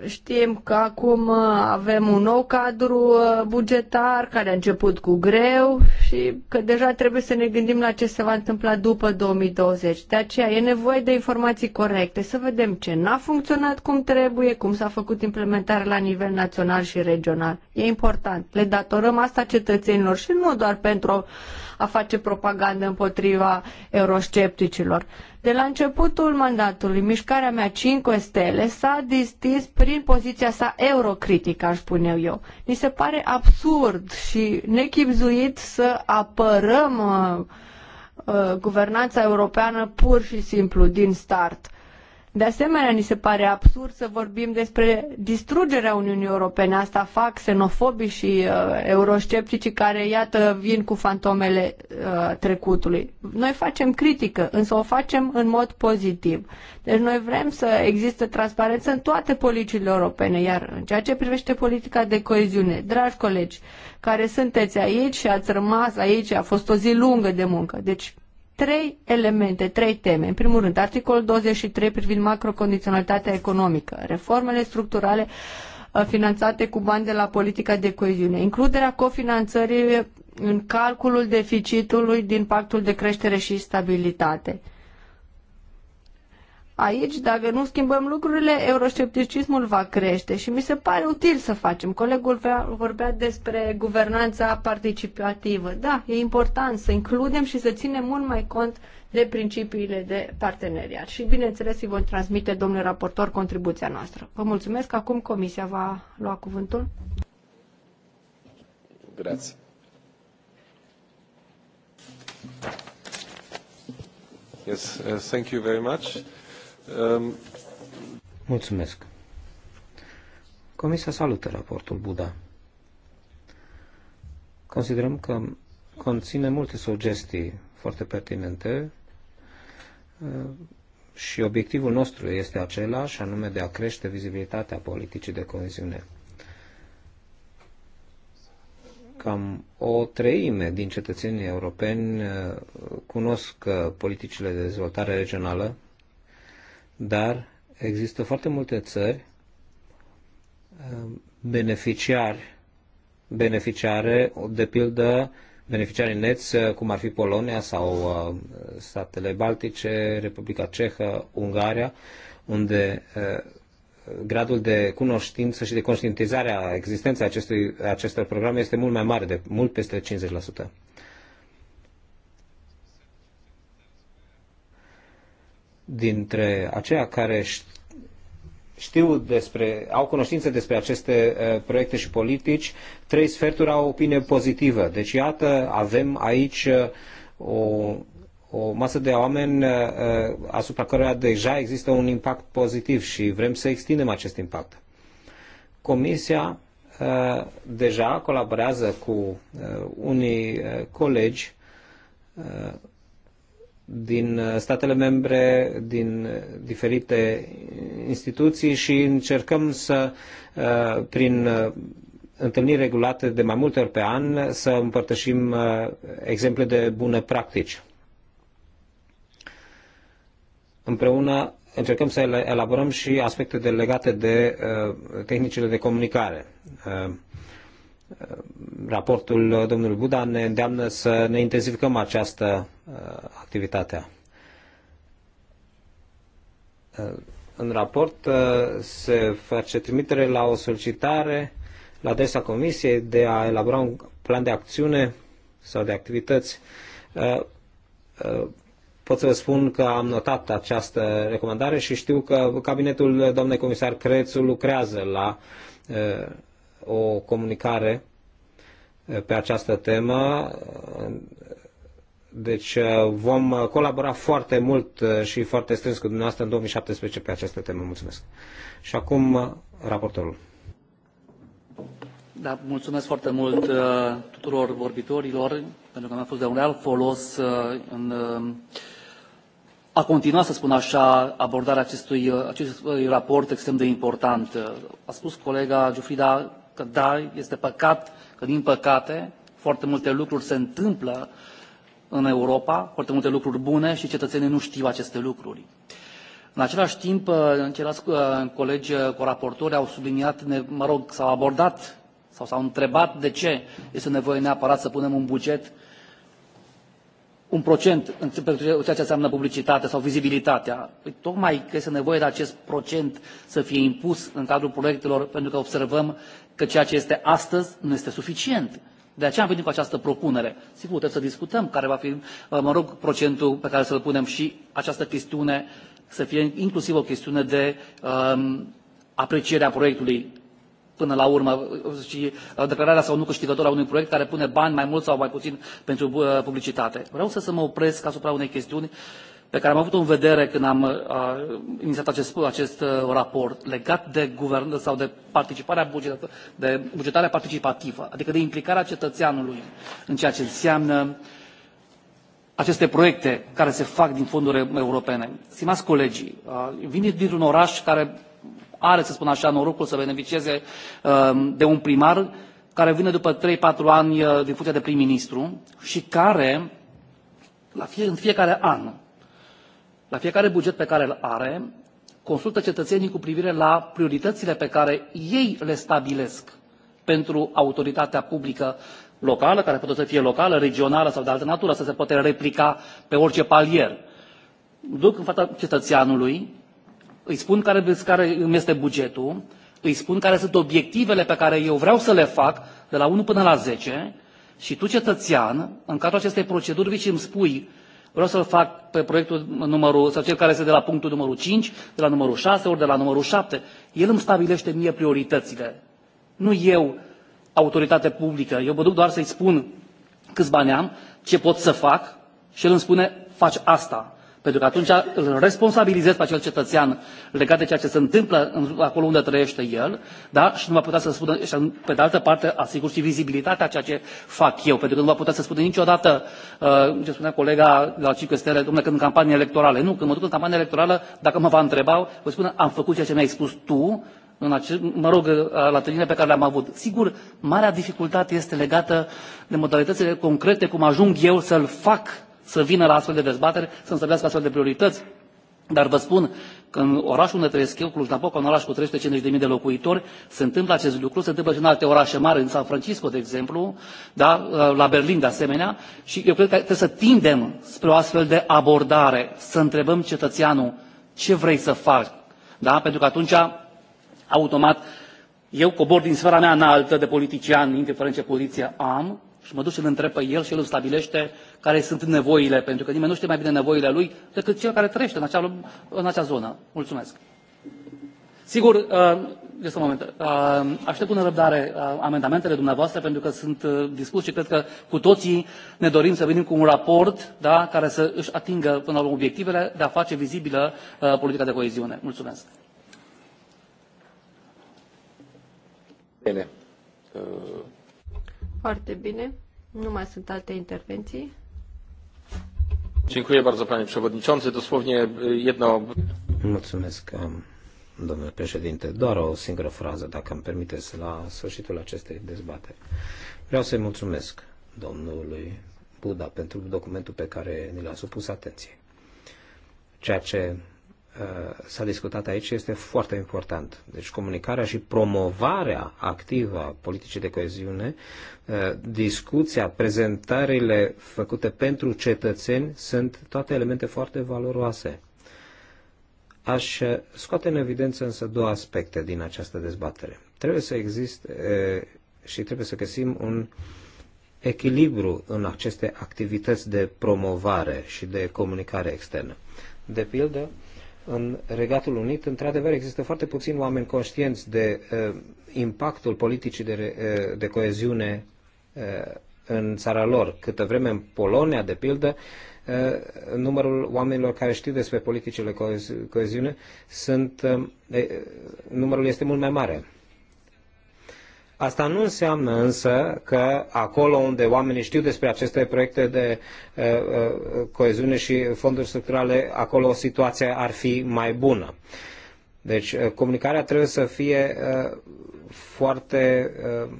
Știm că acum uh, avem un nou cadru uh, bugetar care a început cu greu și că deja trebuie să ne gândim la ce se va întâmpla după 2020. De aceea e nevoie de informații corecte, să vedem ce n-a funcționat cum trebuie, cum s-a făcut implementarea la nivel național și regional. E important. Le datorăm asta cetățenilor și nu doar pentru a face propagandă împotriva euroscepticilor. De la începutul mandatului, mișcarea mea 5 stele s-a distins prin poziția sa eurocritică, aș spune eu. Mi se pare absurd și nechipzuit să apărăm uh, uh, guvernanța europeană pur și simplu din start. De asemenea, ni se pare absurd să vorbim despre distrugerea Uniunii Europene. Asta fac xenofobii și uh, euroscepticii care, iată, vin cu fantomele uh, trecutului. Noi facem critică, însă o facem în mod pozitiv. Deci noi vrem să existe transparență în toate politicile europene, iar în ceea ce privește politica de coeziune, dragi colegi, care sunteți aici și ați rămas aici, a fost o zi lungă de muncă. Deci trei elemente, trei teme. În primul rând, articolul 23 privind macrocondiționalitatea economică, reformele structurale uh, finanțate cu bani de la politica de coeziune, includerea cofinanțării în calculul deficitului din pactul de creștere și stabilitate Aici, dacă nu schimbăm lucrurile, euroscepticismul va crește și mi se pare util să facem. Colegul vorbea despre guvernanța participativă. Da, e important să includem și să ținem mult mai cont de principiile de parteneriat. Și, bineînțeles, îi vom transmite, domnule raportor, contribuția noastră. Vă mulțumesc. Acum Comisia va lua cuvântul. Grazie. Yes, uh, thank you very much. Um, Mulțumesc. Comisia salută raportul Buda. Considerăm că conține multe sugestii foarte pertinente uh, și obiectivul nostru este același, anume de a crește vizibilitatea politicii de coeziune. Cam o treime din cetățenii europeni uh, cunosc uh, politicile de dezvoltare regională dar există foarte multe țări um, beneficiari, beneficiare, de pildă, beneficiarii neți, uh, cum ar fi Polonia sau uh, statele Baltice, Republica Cehă, Ungaria, unde uh, gradul de cunoștință și de conștientizare a existenței acestui, acestor programe este mult mai mare, de mult peste 50%. dintre aceia care știu despre, au cunoștință despre aceste uh, proiecte și politici, trei sferturi au opinie pozitivă. Deci, iată, avem aici uh, o, o masă de oameni uh, asupra cărora deja există un impact pozitiv și vrem să extindem acest impact. Comisia deja colaborează cu unii colegi din uh, statele membre, din uh, diferite instituții și încercăm să, uh, prin întâlniri regulate de mai multe ori pe an, să împărtășim exemple de bune practici. Împreună încercăm să elaborăm și aspecte de legate de tehnicile de comunicare raportul domnului Buda ne îndeamnă să ne intensificăm această uh, activitate. Uh, în raport uh, se face trimitere la o solicitare la adresa Comisiei de a elabora un plan de acțiune sau de activități. Pot să vă spun că am notat această recomandare și știu că cabinetul domnului comisar Crețu lucrează la o comunicare uh, pe această temă. Deci uh, vom uh, colabora foarte mult și foarte strâns cu dumneavoastră în 2017 pe această temă. Mulțumesc. Și acum raportorul. Da, mulțumesc foarte mult tuturor vorbitorilor pentru că mi-a fost de un real folos în a continua, să spun așa, abordarea acestui, acestui raport extrem de important. A spus colega Giufrida că da, este păcat că, din păcate, foarte multe lucruri se întâmplă în Europa, foarte multe lucruri bune și cetățenii nu știu aceste lucruri. În același timp, ceilalți uh, colegi uh, raportori au subliniat, mă rog, s-au abordat sau s-au întrebat de ce este nevoie neapărat să punem un buget uh, un procent pentru ceea ce înseamnă publicitatea sau vizibilitatea. Păi tocmai că este nevoie de acest procent să fie impus în cadrul proiectelor, pentru că observăm că ceea ce este astăzi nu este suficient. De aceea am venit cu această propunere. Sigur, putem să discutăm care va fi, uh, mă rog, procentul pe care să-l punem și această chestiune să fie inclusiv o chestiune de um, apreciere a proiectului până la urmă și uh, declararea sau nu câștigător a unui proiect care pune bani mai mult sau mai puțin pentru uh, publicitate. Vreau să, să mă opresc asupra unei chestiuni pe care am avut-o în vedere când am uh, inițiat acest, acest uh, raport legat de guvern sau de participarea bugetă, de bugetarea participativă, adică de implicarea cetățeanului în ceea ce înseamnă aceste proiecte care se fac din fonduri europene. Stimați colegii, uh, vin dintr-un oraș care are, să spun așa, norocul să beneficieze um, de un primar care vine după trei patru ani uh, din funcția de prim-ministru și care, la fie, în fiecare an, la fiecare buget pe care îl are, consultă cetățenii cu privire la prioritățile pe care ei le stabilesc pentru autoritatea publică locală, care poate să fie locală, regională sau de altă natură, să se poate replica pe orice palier. Duc în fața cetățeanului îi spun care, care îmi este bugetul, îi spun care sunt obiectivele pe care eu vreau să le fac de la 1 până la 10 și tu, cetățean, în cadrul acestei proceduri vii și îmi spui vreau să-l fac pe proiectul numărul, sau cel care este de la punctul numărul 5, de la numărul 6 ori de la numărul 7. El îmi stabilește mie prioritățile. Nu eu, autoritate publică. Eu mă duc doar să-i spun câți bani am, ce pot să fac și el îmi spune faci asta. Pentru că atunci îl responsabilizezi pe acel cetățean legat de ceea ce se întâmplă acolo unde trăiește el, da? Și nu va putea să spună, și pe de altă parte asigur și vizibilitatea a ceea ce fac eu, pentru că nu va putea să spună niciodată, uh, ce spunea colega la Cică stele, domnule, când în campanie electorală, Nu, când mă duc în campanie electorală, dacă mă va întreba, voi spune, am făcut ceea ce mi-ai spus tu, în ace- mă rog, uh, la întâlnirile pe care le-am avut. Sigur, marea dificultate este legată de modalitățile concrete, cum ajung eu să-l fac să vină la astfel de dezbateri, să înțelească astfel de priorități. Dar vă spun că în orașul unde trăiesc eu, Cluj-Napoca, un oraș cu 350.000 de locuitori, se întâmplă acest lucru, se întâmplă și în alte orașe mari, în San Francisco, de exemplu, da? la Berlin, de asemenea, și eu cred că trebuie să tindem spre o astfel de abordare, să întrebăm cetățeanul ce vrei să faci, da? pentru că atunci, automat, eu cobor din sfera mea înaltă de politician, indiferent ce poziție am, și mă duc și îl întreb pe el și el îmi stabilește care sunt nevoile, pentru că nimeni nu știe mai bine nevoile lui decât cel care trăiește în acea, în acea zonă. Mulțumesc. Sigur, uh, este un moment. Uh, aștept răbdare uh, amendamentele dumneavoastră, pentru că sunt uh, dispus și cred că cu toții ne dorim să venim cu un raport da, care să își atingă până la urmă obiectivele de a face vizibilă politica de coeziune. Mulțumesc. Bine. Uh foarte bine. Nu mai sunt alte intervenții. Dziękuję bardzo, panie przewodniczący. Dosłownie jedno... Mulțumesc, um, domnule președinte. Doar o singură frază, dacă îmi permiteți, la sfârșitul acestei dezbateri. Vreau să-i mulțumesc domnului Buda pentru documentul pe care ni l-a supus atenție. Ceea ce Uh, s-a discutat aici este foarte important. Deci comunicarea și promovarea activă a politicii de coeziune, uh, discuția, prezentările făcute pentru cetățeni sunt toate elemente foarte valoroase. Aș uh, scoate în evidență însă două aspecte din această dezbatere. Trebuie să existe și trebuie să găsim un echilibru în aceste activități de promovare și de comunicare externă. De pildă, în Regatul Unit, într-adevăr, există foarte puțini oameni conștienți de uh, impactul politicii de, uh, de coeziune uh, în țara lor. Câtă vreme în Polonia, de pildă, uh, numărul oamenilor care știu despre politicile coeziune sunt, uh, numărul este mult mai mare. Asta nu înseamnă însă că acolo unde oamenii știu despre aceste proiecte de uh, uh coeziune și fonduri structurale, acolo situația ar fi mai bună. Deci uh, comunicarea trebuie să fie uh, foarte uh,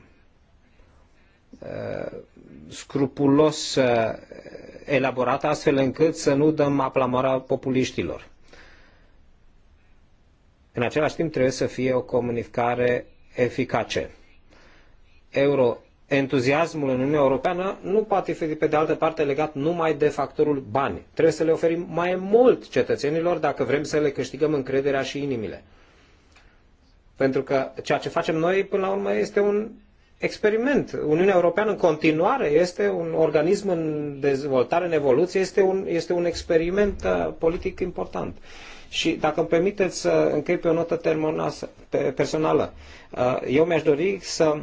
uh scrupulos elaborată astfel încât să nu dăm aplamora populiștilor. În același timp trebuie să fie o comunicare eficace euro, entuziasmul în Uniunea Europeană nu poate fi, pe de altă parte, legat numai de factorul bani. Trebuie să le oferim mai mult cetățenilor dacă vrem să le câștigăm încrederea și inimile. Pentru că ceea ce facem noi, până la urmă, este un experiment. Uniunea Europeană în continuare este un organism în dezvoltare, în evoluție, este un, este un experiment uh, politic important. Și dacă îmi permiteți să închei pe o notă termonasă, pe, personală, uh, eu mi-aș dori să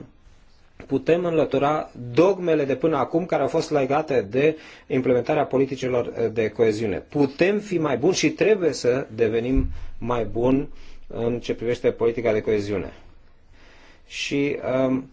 putem înlătura dogmele de până acum care au fost legate de implementarea politicilor eh, de coeziune. Putem fi mai buni și trebuie să devenim mai buni în ce privește politica de coeziune. Și, ehm,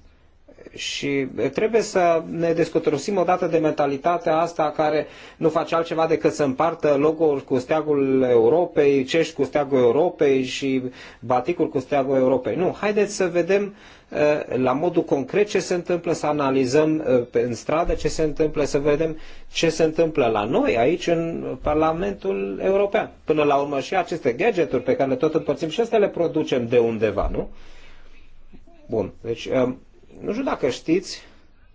și eh, trebuie să ne descotrosim odată de mentalitatea asta care nu face altceva decât să împartă logo cu steagul Europei, cești cu steagul Europei și baticul cu steagul Europei. Nu, haideți să vedem uh, Eh, la modul concret ce se întâmplă, să analizăm eh, în stradă ce se întâmplă, să vedem ce se întâmplă la noi aici în Parlamentul European. Până la urmă și aceste gadgeturi pe care le tot împărțim și astea le producem de undeva, nu? Bun, deci eh, nu știu dacă știți,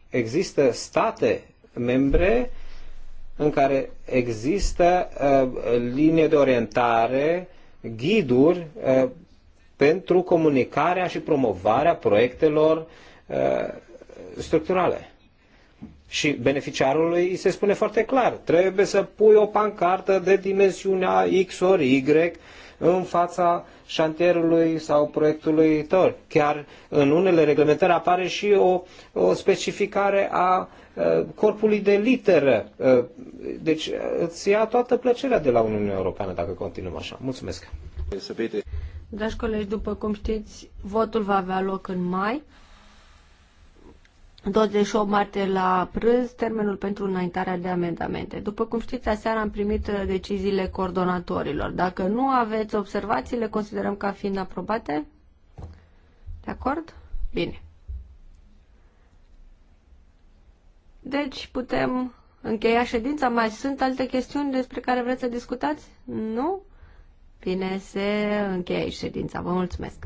există state membre în care există linie de orientare, ghiduri pentru comunicarea și promovarea proiectelor uh, structurale. Și beneficiarului se spune foarte clar, trebuie să pui o pancartă de dimensiunea X ori Y în fața șantierului sau proiectului tău. Chiar în unele reglementări apare și o, o specificare a, uh, corpului de literă. Uh, deci îți ia toată plăcerea de la Uniunea Europeană dacă continuăm așa. Mulțumesc! Dragi colegi, după cum știți, votul va avea loc în mai. 28 martie la prânz, termenul pentru înaintarea de amendamente. După cum știți, aseară am primit uh, deciziile coordonatorilor. Dacă nu aveți observații, le considerăm ca fiind aprobate. De acord? Bine. Deci putem încheia ședința. Mai sunt alte chestiuni despre care vreți să discutați? Nu? Bine, se încheie ședința. Vă mulțumesc!